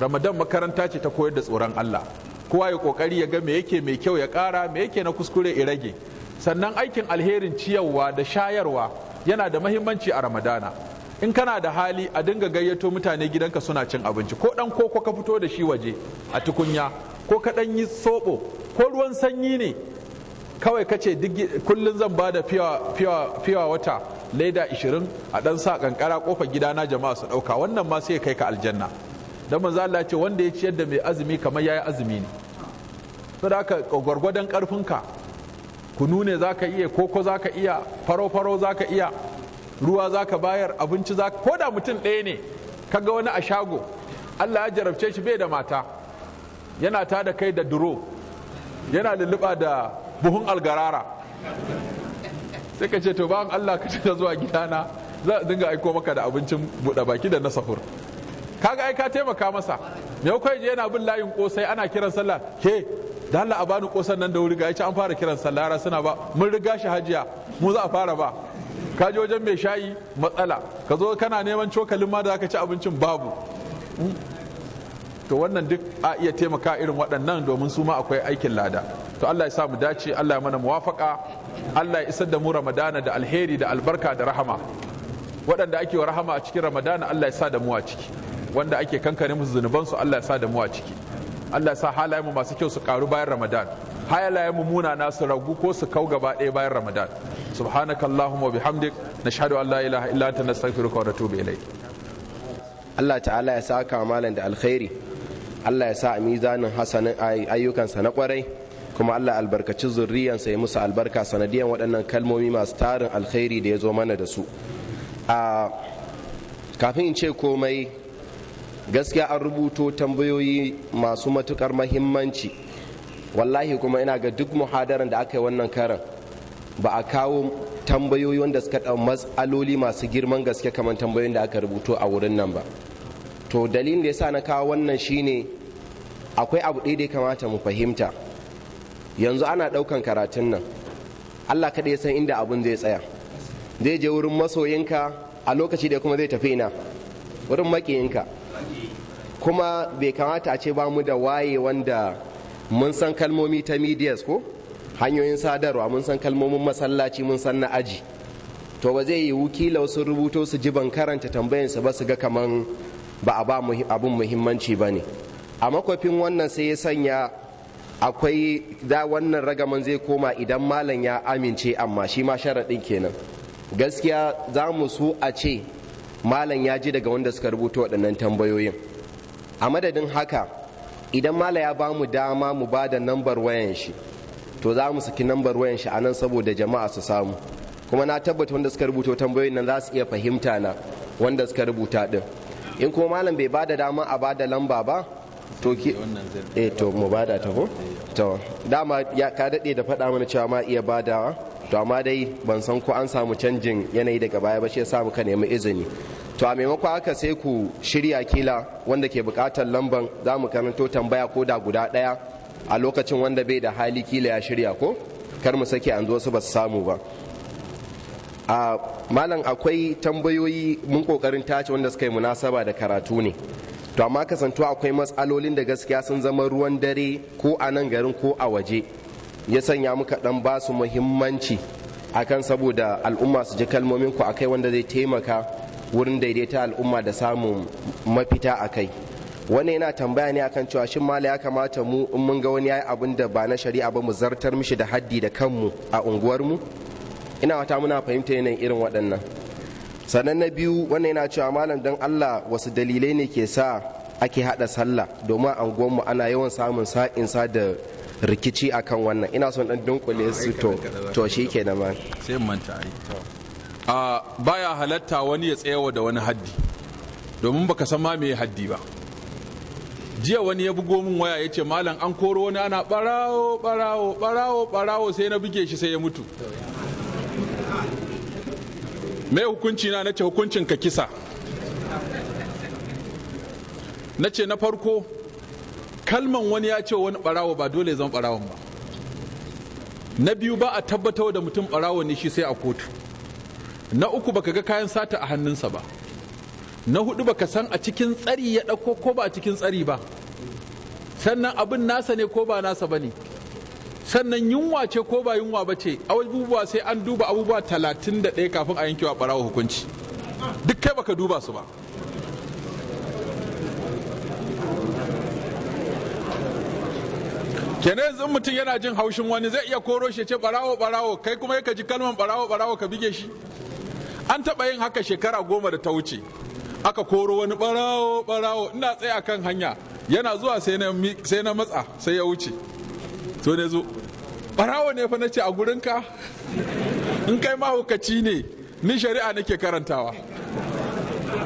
ramadan makaranta ce ta koyar da tsoron allah kowa ya kokari ya ga me yake mai kyau ya kara me yake na kuskure ya rage sannan aikin alherin ciyarwa da shayarwa yana da mahimmanci a ramadana in kana da hali a dinga gayyato mutane gidanka suna cin abinci ko dan koko ka fito da shi waje a tukunya ko ka dan yi soɓo ko ruwan sanyi ne kawai ka ce kullum zan ba da fiya wata leda 20 a ɗan sa kankara ƙofar gidana jama'a su ɗauka wannan ma sai kai ka aljanna da manzo Allah ce wanda ya ciyar da mai azumi kamar yayi azumi ne saboda haka gwargwadon karfinka kunu ne zaka iya koko zaka iya faro faro zaka iya ruwa zaka bayar abinci zaka ko da mutum ɗaya ne kaga wani a shago Allah ya jarabce shi bai da mata yana ta da kai da duro yana lulluɓa da buhun algarara sai ka ce to bayan Allah ka ta zuwa gidana za a dinga aiko maka da abincin buɗe baki da na safur. kaga ai ka taimaka masa me kai je yana bin layin kosai ana kiran sallah ke da Allah a bani kosan nan da wuri ga an fara kiran sallah ra suna ba mun riga shi hajiya mu za a fara ba ka je wajen mai shayi matsala ka zo kana neman cokalin ma da zaka ci abincin babu to wannan duk a iya taimaka irin waɗannan domin su ma akwai aikin lada to Allah ya sa mu dace Allah ya mana muwafaka Allah ya isar da mu Ramadana da alheri da albarka da rahama waɗanda ake wa rahama a cikin Ramadana Allah ya sa da mu a ciki wanda ake kankare musu zunubansu Allah ya sa da mu a ciki Allah ya sa halayenmu masu kyau su karu bayan Ramadan halayenmu na su ragu ko su kau gaba ɗaya bayan Ramadan subhanakallahumma wa bihamdik nashhadu an la ilaha illa anta nastaghfiruka wa natubu ilayk Allah ta'ala ya saka malam da alkhairi Allah ya sa a mizanin hasanin ayyukansa na kwarai kuma Allah albarkaci zurriyansa ya musu albarka sanadiyan waɗannan kalmomi masu tarin alkhairi da ya zo mana da su ah, kafin in ce komai gaskiya an rubuto tambayoyi masu matukar mahimmanci wallahi kuma ina ga duk muhadaran da aka yi wannan karan ba a kawo tambayoyi wanda suka ɗau matsaloli masu girman gaske kamar tambayoyin da aka rubuto a wurin nan ba to dalilin da yasa na kawo wannan shine akwai abu ɗaya da ya kamata mu fahimta yanzu ana ɗaukan karatun nan allah kaɗai ya san inda abun zai tsaya zai je wurin masoyinka a lokaci da kuma zai tafi ina wurin maƙiyinka kuma bai kamata a ce ba mu da waye wanda mun san kalmomi ta medias ko hanyoyin sadarwa mun san kalmomin masallaci mun san na aji to ba zai yi wukila wasu rubuto su ji ban karanta tambayansu ba su ga kamar ba a ba abin muhimmanci ba ne a makwafin wannan sai ya sanya akwai da wannan ragaman zai koma idan malam ya amince amma shi ma sharaɗin kenan gaskiya za mu su a ce malam ya ji daga wanda suka rubuta waɗannan tambayoyin a madadin haka idan mala ya ba mu dama mu ba da nambar wayan shi to za mu saki nambar wayan shi a nan saboda jama'a su samu kuma na tabbata wanda suka rubuta tambayoyin nan za su iya fahimta na wanda suka rubuta din in kuma malam bai ba da dama a ba da lamba ba to ki eh to mu ba da ta ko eh, to dama ya ka dade da faɗa mana cewa ma iya badawa to amma dai ban san ko an samu canjin yanayi daga baya ba shi yasa muka nemi izini to a maimakon haka sai ku shirya kila wanda ke bukatar lamban za mu karanto tambaya ko da guda ɗaya a lokacin wanda bai da hali kila ya shirya ko kar mu sake an zo su ba su samu ba a malam akwai tambayoyi mun kokarin tace wanda suka yi munasaba da karatu ne to amma kasantu akwai matsalolin da gaskiya sun zama ruwan dare ko a nan garin ko a waje ya sanya muka dan ba su muhimmanci akan saboda al'umma su ji kalmomin ku akai wanda zai taimaka wurin daidaita al'umma da samun mafita a kai wani yana tambaya ne akan cewa shin mala ya kamata mu in mun ga wani ya yi abin da ba na shari'a ba mu zartar mishi da haddi da kanmu a unguwarmu ina wata muna fahimta yanayin irin waɗannan sannan na biyu wannan yana cewa malam don allah wasu dalilai ne ke sa ake haɗa sallah domin a unguwar mu ana yawan samun sa da rikici akan wannan ina son ɗan dunkule su to shi ke ma a baya halatta wani ya tsayawa da wani haddi domin baka san ma me haddi ba jiya wani ya bugo min waya yace malam an koro wani ana barawo barawo barawo barawo sai na buge shi sai ya mutu mai hukunci na nace hukuncin ka kisa nace na farko kalman wani ya ce wani barawo ba dole zan barawon ba na biyu ba a tabbatar da mutum barawo ne shi sai a kotu na uku baka ga kayan sata a hannunsa ba na hudu baka san a cikin tsari ya ɗauko ko ba a cikin tsari ba sannan abin nasa ne ko ba nasa ba ne sannan yunwa ce ko ba yunwa ba ce abubuwa sai an duba abubuwa talatin da ɗaya kafin a yankewa ɓarawa hukunci duk kai baka duba su ba kenan yanzu mutum yana jin haushin wani zai iya koro shi ce barawo barawo kai kuma yaka ji kalman barawo barawo ka bige shi an taɓa yin haka shekara goma da ta wuce aka koro wani ɓarawo ɓarawo ina tsaye a kan hanya yana zuwa sai na matsa sai ya wuce to ne zo ɓarawo ne fa nace a gurinka in kai mahaukaci ne ni shari'a nake karantawa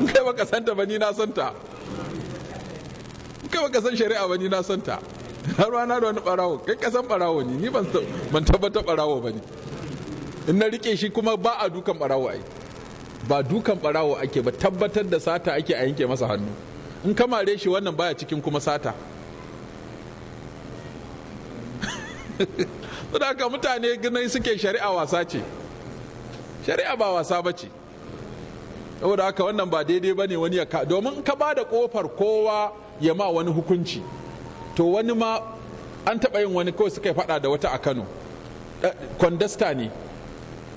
in kai baka santa ba ni na santa in kai baka san shari'a ba ni na santa har na da wani ɓarawo kai ka san ɓarawo ne ni ban tabbata ɓarawo ba ne in na rike shi kuma ba a dukan ɓarawo ai ba dukan barawo ake ba tabbatar da sata ake a yanke masa hannu in kamare shi wannan baya cikin kuma sata haka mutane ganin suke shari'a wasa ce shari'a ba wasa ba ce saboda haka wannan ba daidai ba ne wani ya ka domin ka ba da kofar kowa ya ma wani hukunci to wani ma an taɓa yin wani kawai suka fada da wata a kano eh, kwandasta ne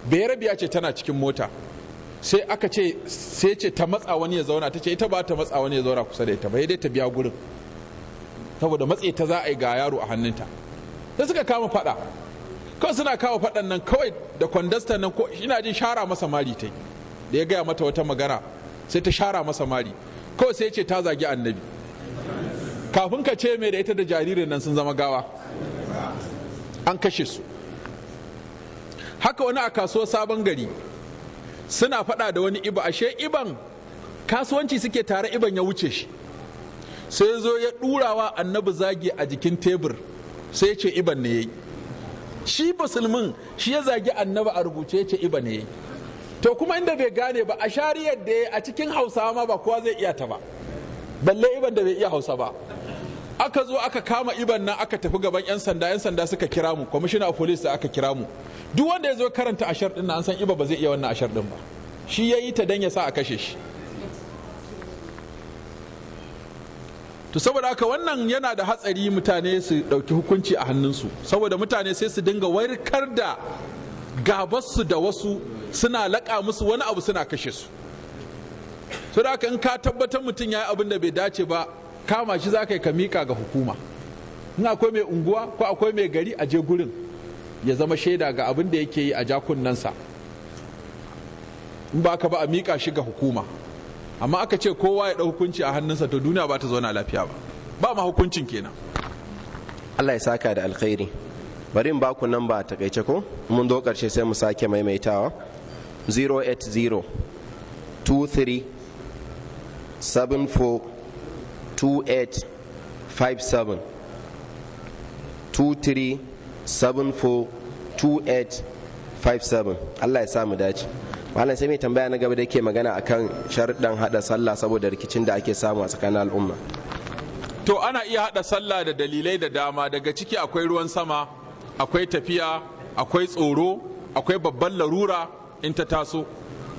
biya ce tana cikin mota sai aka ce sai ce ta matsa wani ya zauna ta ce ita ba ta matsa wani ya zauna kusa da ita ba dai ta biya gurin saboda matse ta za a yi ga yaro a hannunta sai suka kama fada kawai suna kawo fadan nan kawai da kwandasta nan ko ina jin shara masa mari ta da ya gaya mata wata magana sai ta shara masa mari kawai sai ce ta zagi annabi kafin ka ce mai da ita da jaririn nan sun zama gawa an kashe su haka wani a kasuwar sabon gari suna faɗa da wani iba ashe iban kasuwanci suke tare iban ya wuce shi sai zo ya ɗurawa annabi zagi a jikin tebur sai ya ce iban ne ya shi musulmin shi ya zagi annabi a rubuce ya ce iban ne ya to kuma inda bai gane ba a shariyar da a cikin hausawa ma ba kowa zai iya ta ba balle iban da bai iya hausa ba aka zo aka kama iban nan aka tafi gaban 'yan sanda 'yan sanda suka kira mu kwamishina a police aka kira mu duk wanda ya zo karanta ashar din an san iba ba zai iya wannan ashar din ba shi ya yi ta dan ya sa a kashe shi to saboda haka wannan yana da hatsari mutane su ɗauki hukunci a hannunsu saboda mutane sai su dinga warkar da gabarsu da wasu suna laƙa musu wani abu suna kashe su saboda haka in ka tabbatar mutum ya yi abin da bai dace ba kama shi za ka yi ka mika ga hukuma in akwai mai unguwa ko akwai mai gari a je gurin ya zama shaida ga abin da yake yi a jakunansa in ba ka ba a mika shi ga hukuma amma aka ce kowa ya ɗau hukunci a hannunsa to duniya ba ta zauna lafiya ba ba ma hukuncin kenan Allah ya saka da alkhairi bari in ba ku nan ba a takaice ko mun zo ƙarshe sai mu sake maimaitawa 080 23 74 2857 Allah ya samu dace malam sai mai tambaya na gaba da yake magana akan sharuɗan hada sallah saboda rikicin da ake samu a tsakanin al'umma to ana iya hada sallah da dalilai da dama daga ciki akwai ruwan sama akwai tafiya akwai tsoro akwai babban larura in ta taso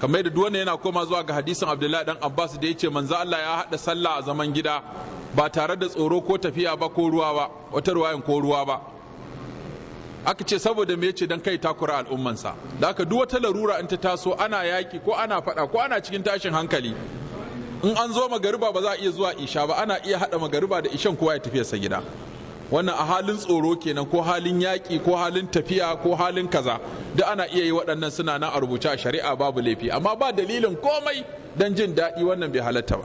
kamar yadda duk yana koma zuwa ga hadisin Abdullahi dan Abbas da yace manzo Allah ya hada sallah a zaman gida ba tare da tsoro ko tafiya ba ko ruwa ba wata ruwayan ko ruwa ba aka ce saboda me ce dan kai takura al'ummansa da aka duk wata larura in ta taso ana yaki ko ana fada ko ana cikin tashin hankali in an zo magariba ba za a iya zuwa isha ba ana iya haɗa magariba da ishan kowa ya tafi sa gida wannan a halin tsoro kenan ko halin yaƙi ko halin tafiya ko halin kaza duk ana iya yi waɗannan suna nan a rubuce a shari'a babu laifi amma ba dalilin komai don jin daɗi wannan bai halatta ba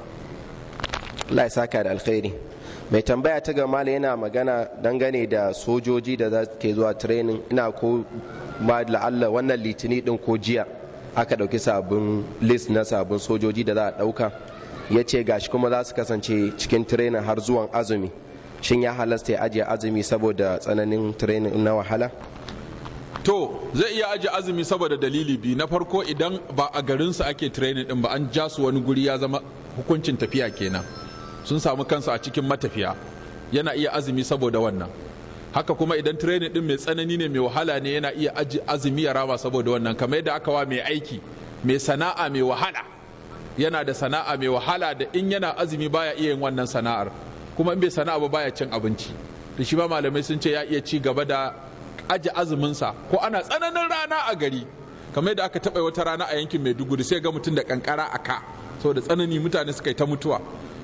Allah ya saka da alkhairi mai tambaya ta gama yana magana dangane da sojoji da za ke zuwa training ina ko ma la'alla wannan litini din ko jiya aka ɗauki sabon list na sabon sojoji da za a ɗauka ya ce gashi kuma za su kasance cikin training har zuwan azumi shin ya halasta ya ajiye azumi saboda tsananin training na wahala to zai iya ajiye azumi saboda dalili bi na farko idan ba a garinsa ake training din ba an ja su wani guri ya zama hukuncin tafiya kenan sun samu kansu a cikin matafiya yana iya azumi saboda wannan haka kuma idan training din mai tsanani ne mai wahala ne yana iya aji azumi ya rama saboda wannan kamar yadda aka wa mai aiki mai sana'a mai wahala yana da sana'a mai wahala da in yana azumi baya iya yin wannan sana'ar kuma in bai sana ba baya cin abinci da shi ba malamai sun ce ya iya ci gaba da aji azuminsa ko ana tsananin rana a gari kamar yadda aka taɓa wata rana a yankin maiduguri sai ga mutum da kankara a ka saboda tsanani mutane suka yi ta mutuwa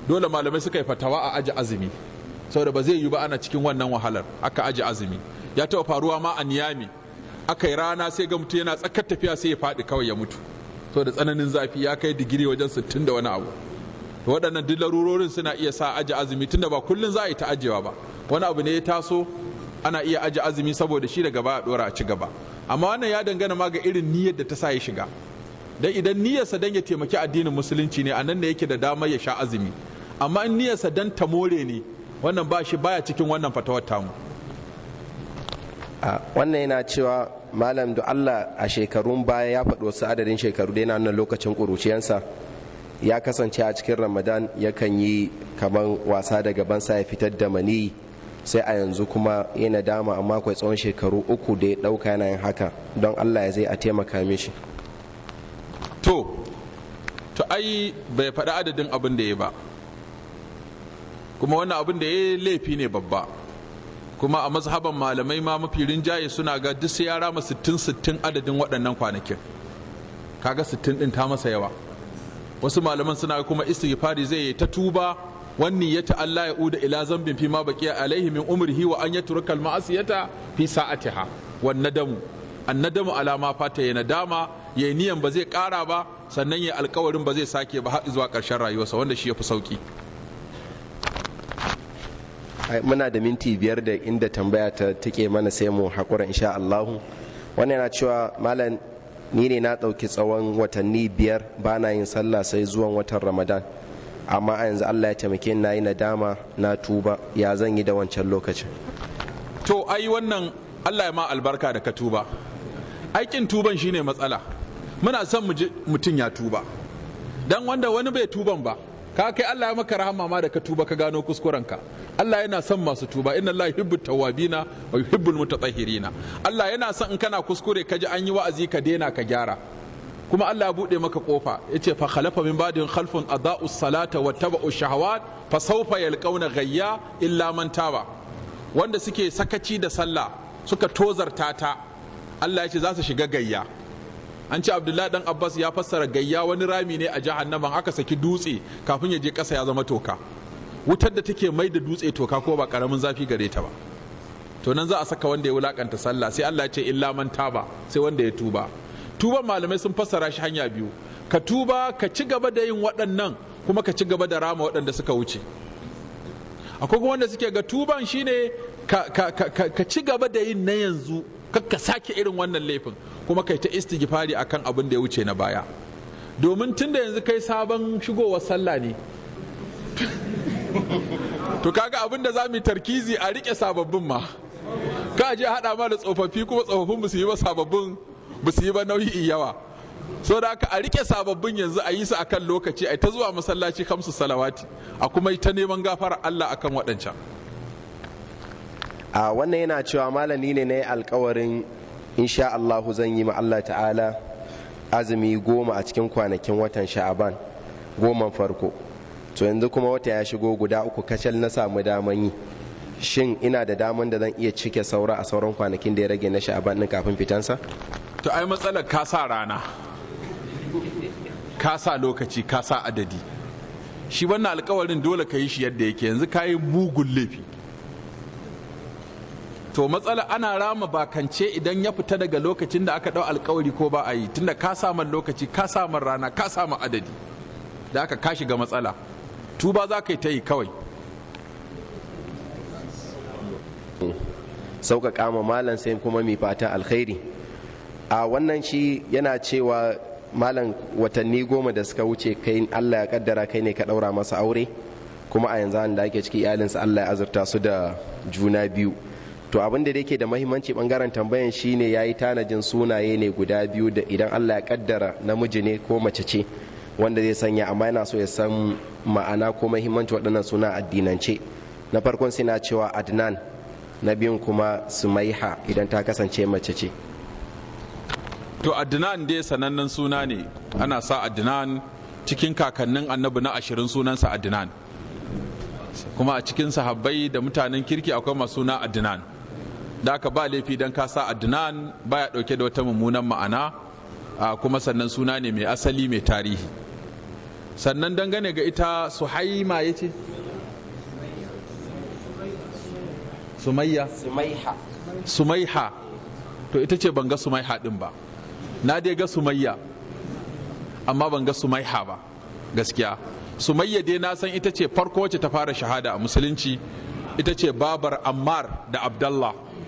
dole malamai suka yi fatawa a aji azumi saboda ba zai yi ba ana cikin wannan wahalar aka aji azumi ya taɓa faruwa ma a niyami aka yi rana sai ga mutum yana tsakar tafiya sai ya faɗi kawai ya mutu saboda tsananin zafi ya kai digiri wajen sittin da wani abu to waɗannan duk larurorin suna iya sa aji azumi tunda ba kullum za a yi ta ajewa ba wani abu ne ya taso ana iya aji azumi saboda shi daga baya dora a ci gaba amma wannan ya dangana ma ga irin niyyar da ta sa ya shiga dan idan niyyarsa dan ya taimaki addinin musulunci ne anan ne yake da damar ya sha azumi amma in niyyarsa dan ta more ne wannan ba shi baya cikin wannan fatawar tamu wannan yana cewa malam da Allah a shekarun baya ya faɗo wasu adadin shekaru da yana nan lokacin ƙuruciyansa ya kasance a cikin ramadan yakan yi kamar wasa da gabansa ya fitar da mani sai a yanzu kuma yana dama amma kwai tsawon shekaru uku da ya ɗauka yana yin haka don allah ya zai a taimaka mishi to to ai bai faɗi adadin abin da ya ba kuma wannan abin da ya laifi ne babba kuma a mazhaban malamai ma mafi rinjaye suna ga duk sai ya rama sittin sittin adadin waɗannan kwanakin kaga sittin ɗin ta masa yawa wasu malaman suna kuma istighfari zai yi ta tuba wani ya Allah ya uda ila zambin fi ma baqiya alaihi min umrihi wa an yatruka al ma'asiyata fi sa'atiha wan nadamu an nadamu ala ma fata ya nadama ya niyan ba zai kara ba sannan ya alkawarin ba zai sake ba har zuwa karshen rayuwarsa wanda shi ya fi sauƙi. muna da minti biyar da inda tambaya ta take mana sai mu hakura insha Allah wannan yana cewa malam ni ne na ɗauki tsawon watanni biyar ba na yin sallah sai zuwan watan ramadan amma a yanzu allah ya taimake na yi nadama na tuba ya zan yi da wancan lokacin to ai wannan allah ya ma albarka da ka tuba aikin tuban shine matsala muna son mutum ya tuba Don wanda wani bai tuban ba ka kai Allah ya maka rahama ma da ka tuba ka gano kuskurenka Allah yana son masu tuba inna Allah yuhibbu tawwabina wa yuhibbul mutatahhirina Allah yana son in kana kuskure ka ji an yi wa'azi ka daina ka gyara kuma Allah ya bude maka kofa yace fa khalafa min ba'dihim khalfun adaa'u salata wa taba'u shahawat fa sawfa yalqawna ghayya illa man taba wanda suke sakaci da sallah suka tozarta ta Allah ya ce za su shiga gayya an ce abdullahi dan abbas ya fassara gayya wani rami ne a naman aka saki dutse kafin ya je kasa ya zama toka wutar da take mai da dutse toka ko ba karamin zafi gare ta ba to nan za a saka wanda ya wulakanta sallah sai Allah ce illa man taba sai wanda ya tuba tuban malamai sun fassara shi hanya biyu ka tuba ka ci gaba da yin waɗannan kuma ka ci gaba da rama waɗanda suka wuce akwai kuma wanda suke ga tuban shine ka ci gaba da yin na yanzu ka sake irin wannan laifin kuma kai ta istighfari akan abin da ya wuce na baya domin tun da yanzu kai sabon shigowar sallah ne to kaga abin da za mu tarkizi a rike sababbin ma ka je hada ma da tsofaffi kuma tsofaffin ba su yi ba sababbin ba su yi ba nauyi yawa so da a rike sababbin yanzu a yi su akan lokaci a ta zuwa masallaci kamsu salawati a kuma ta neman gafara Allah akan waɗancan a wannan yana cewa malami ne na alkawarin insha Allahu zan yi ma Allah ta'ala azumi goma a cikin kwanakin watan sha'aban goman farko to yanzu kuma wata ya shigo guda uku kacal na samu daman yi shin ina da daman da zan iya cike saura a sauran kwanakin da ya rage na sha'aban din kafin fitansa to ai matsalar ka sa rana ka sa lokaci ka sa adadi shi wannan alkawarin dole ka yi shi yadda yake yanzu ka yi mugun laifi to matsala ana rama bakance idan ya fita daga lokacin da aka dau alkawari ko ba a yi tunda ka samu lokaci ka samu rana ka samu adadi da aka ka shiga matsala tuba za ka yi ta yi kawai Sauka kama malam sai kuma mi fata alkhairi a wannan shi yana cewa malam watanni goma da suka wuce kai allah ya kaddara kai ne ka ɗaura masa aure kuma a yanzu an da ake ciki iyalinsa allah ya azurta su da juna biyu to abin da yake da mahimmanci bangaren tambayan shine yayi tanajin sunaye ne guda biyu da idan Allah ya kaddara namiji ne ko mace ce wanda zai sanya amma yana so ya san ma'ana ko mahimmanci waɗannan suna addinance na farkon suna cewa adnan na biyun kuma sumaiha idan ta kasance mace ce to adnan dai sanannen suna ne ana sa adnan cikin kakannin annabi na ashirin sunansa adnan kuma a cikin sahabbai da mutanen kirki akwai masu suna adnan da aka ba laifi don kasa adnan baya dauke da wata mummunan ma'ana kuma sannan suna ne mai asali mai tarihi sannan dangane ga ita suhaima ya ce sumayya sumaiha to ita ce ban ga sumaiha din ba na dai ga sumayya amma ban ga sumaiha ba gaskiya sumayya dai na san ita ce farko wacce ta fara shahada a musulunci ita ce babar ammar da abdallah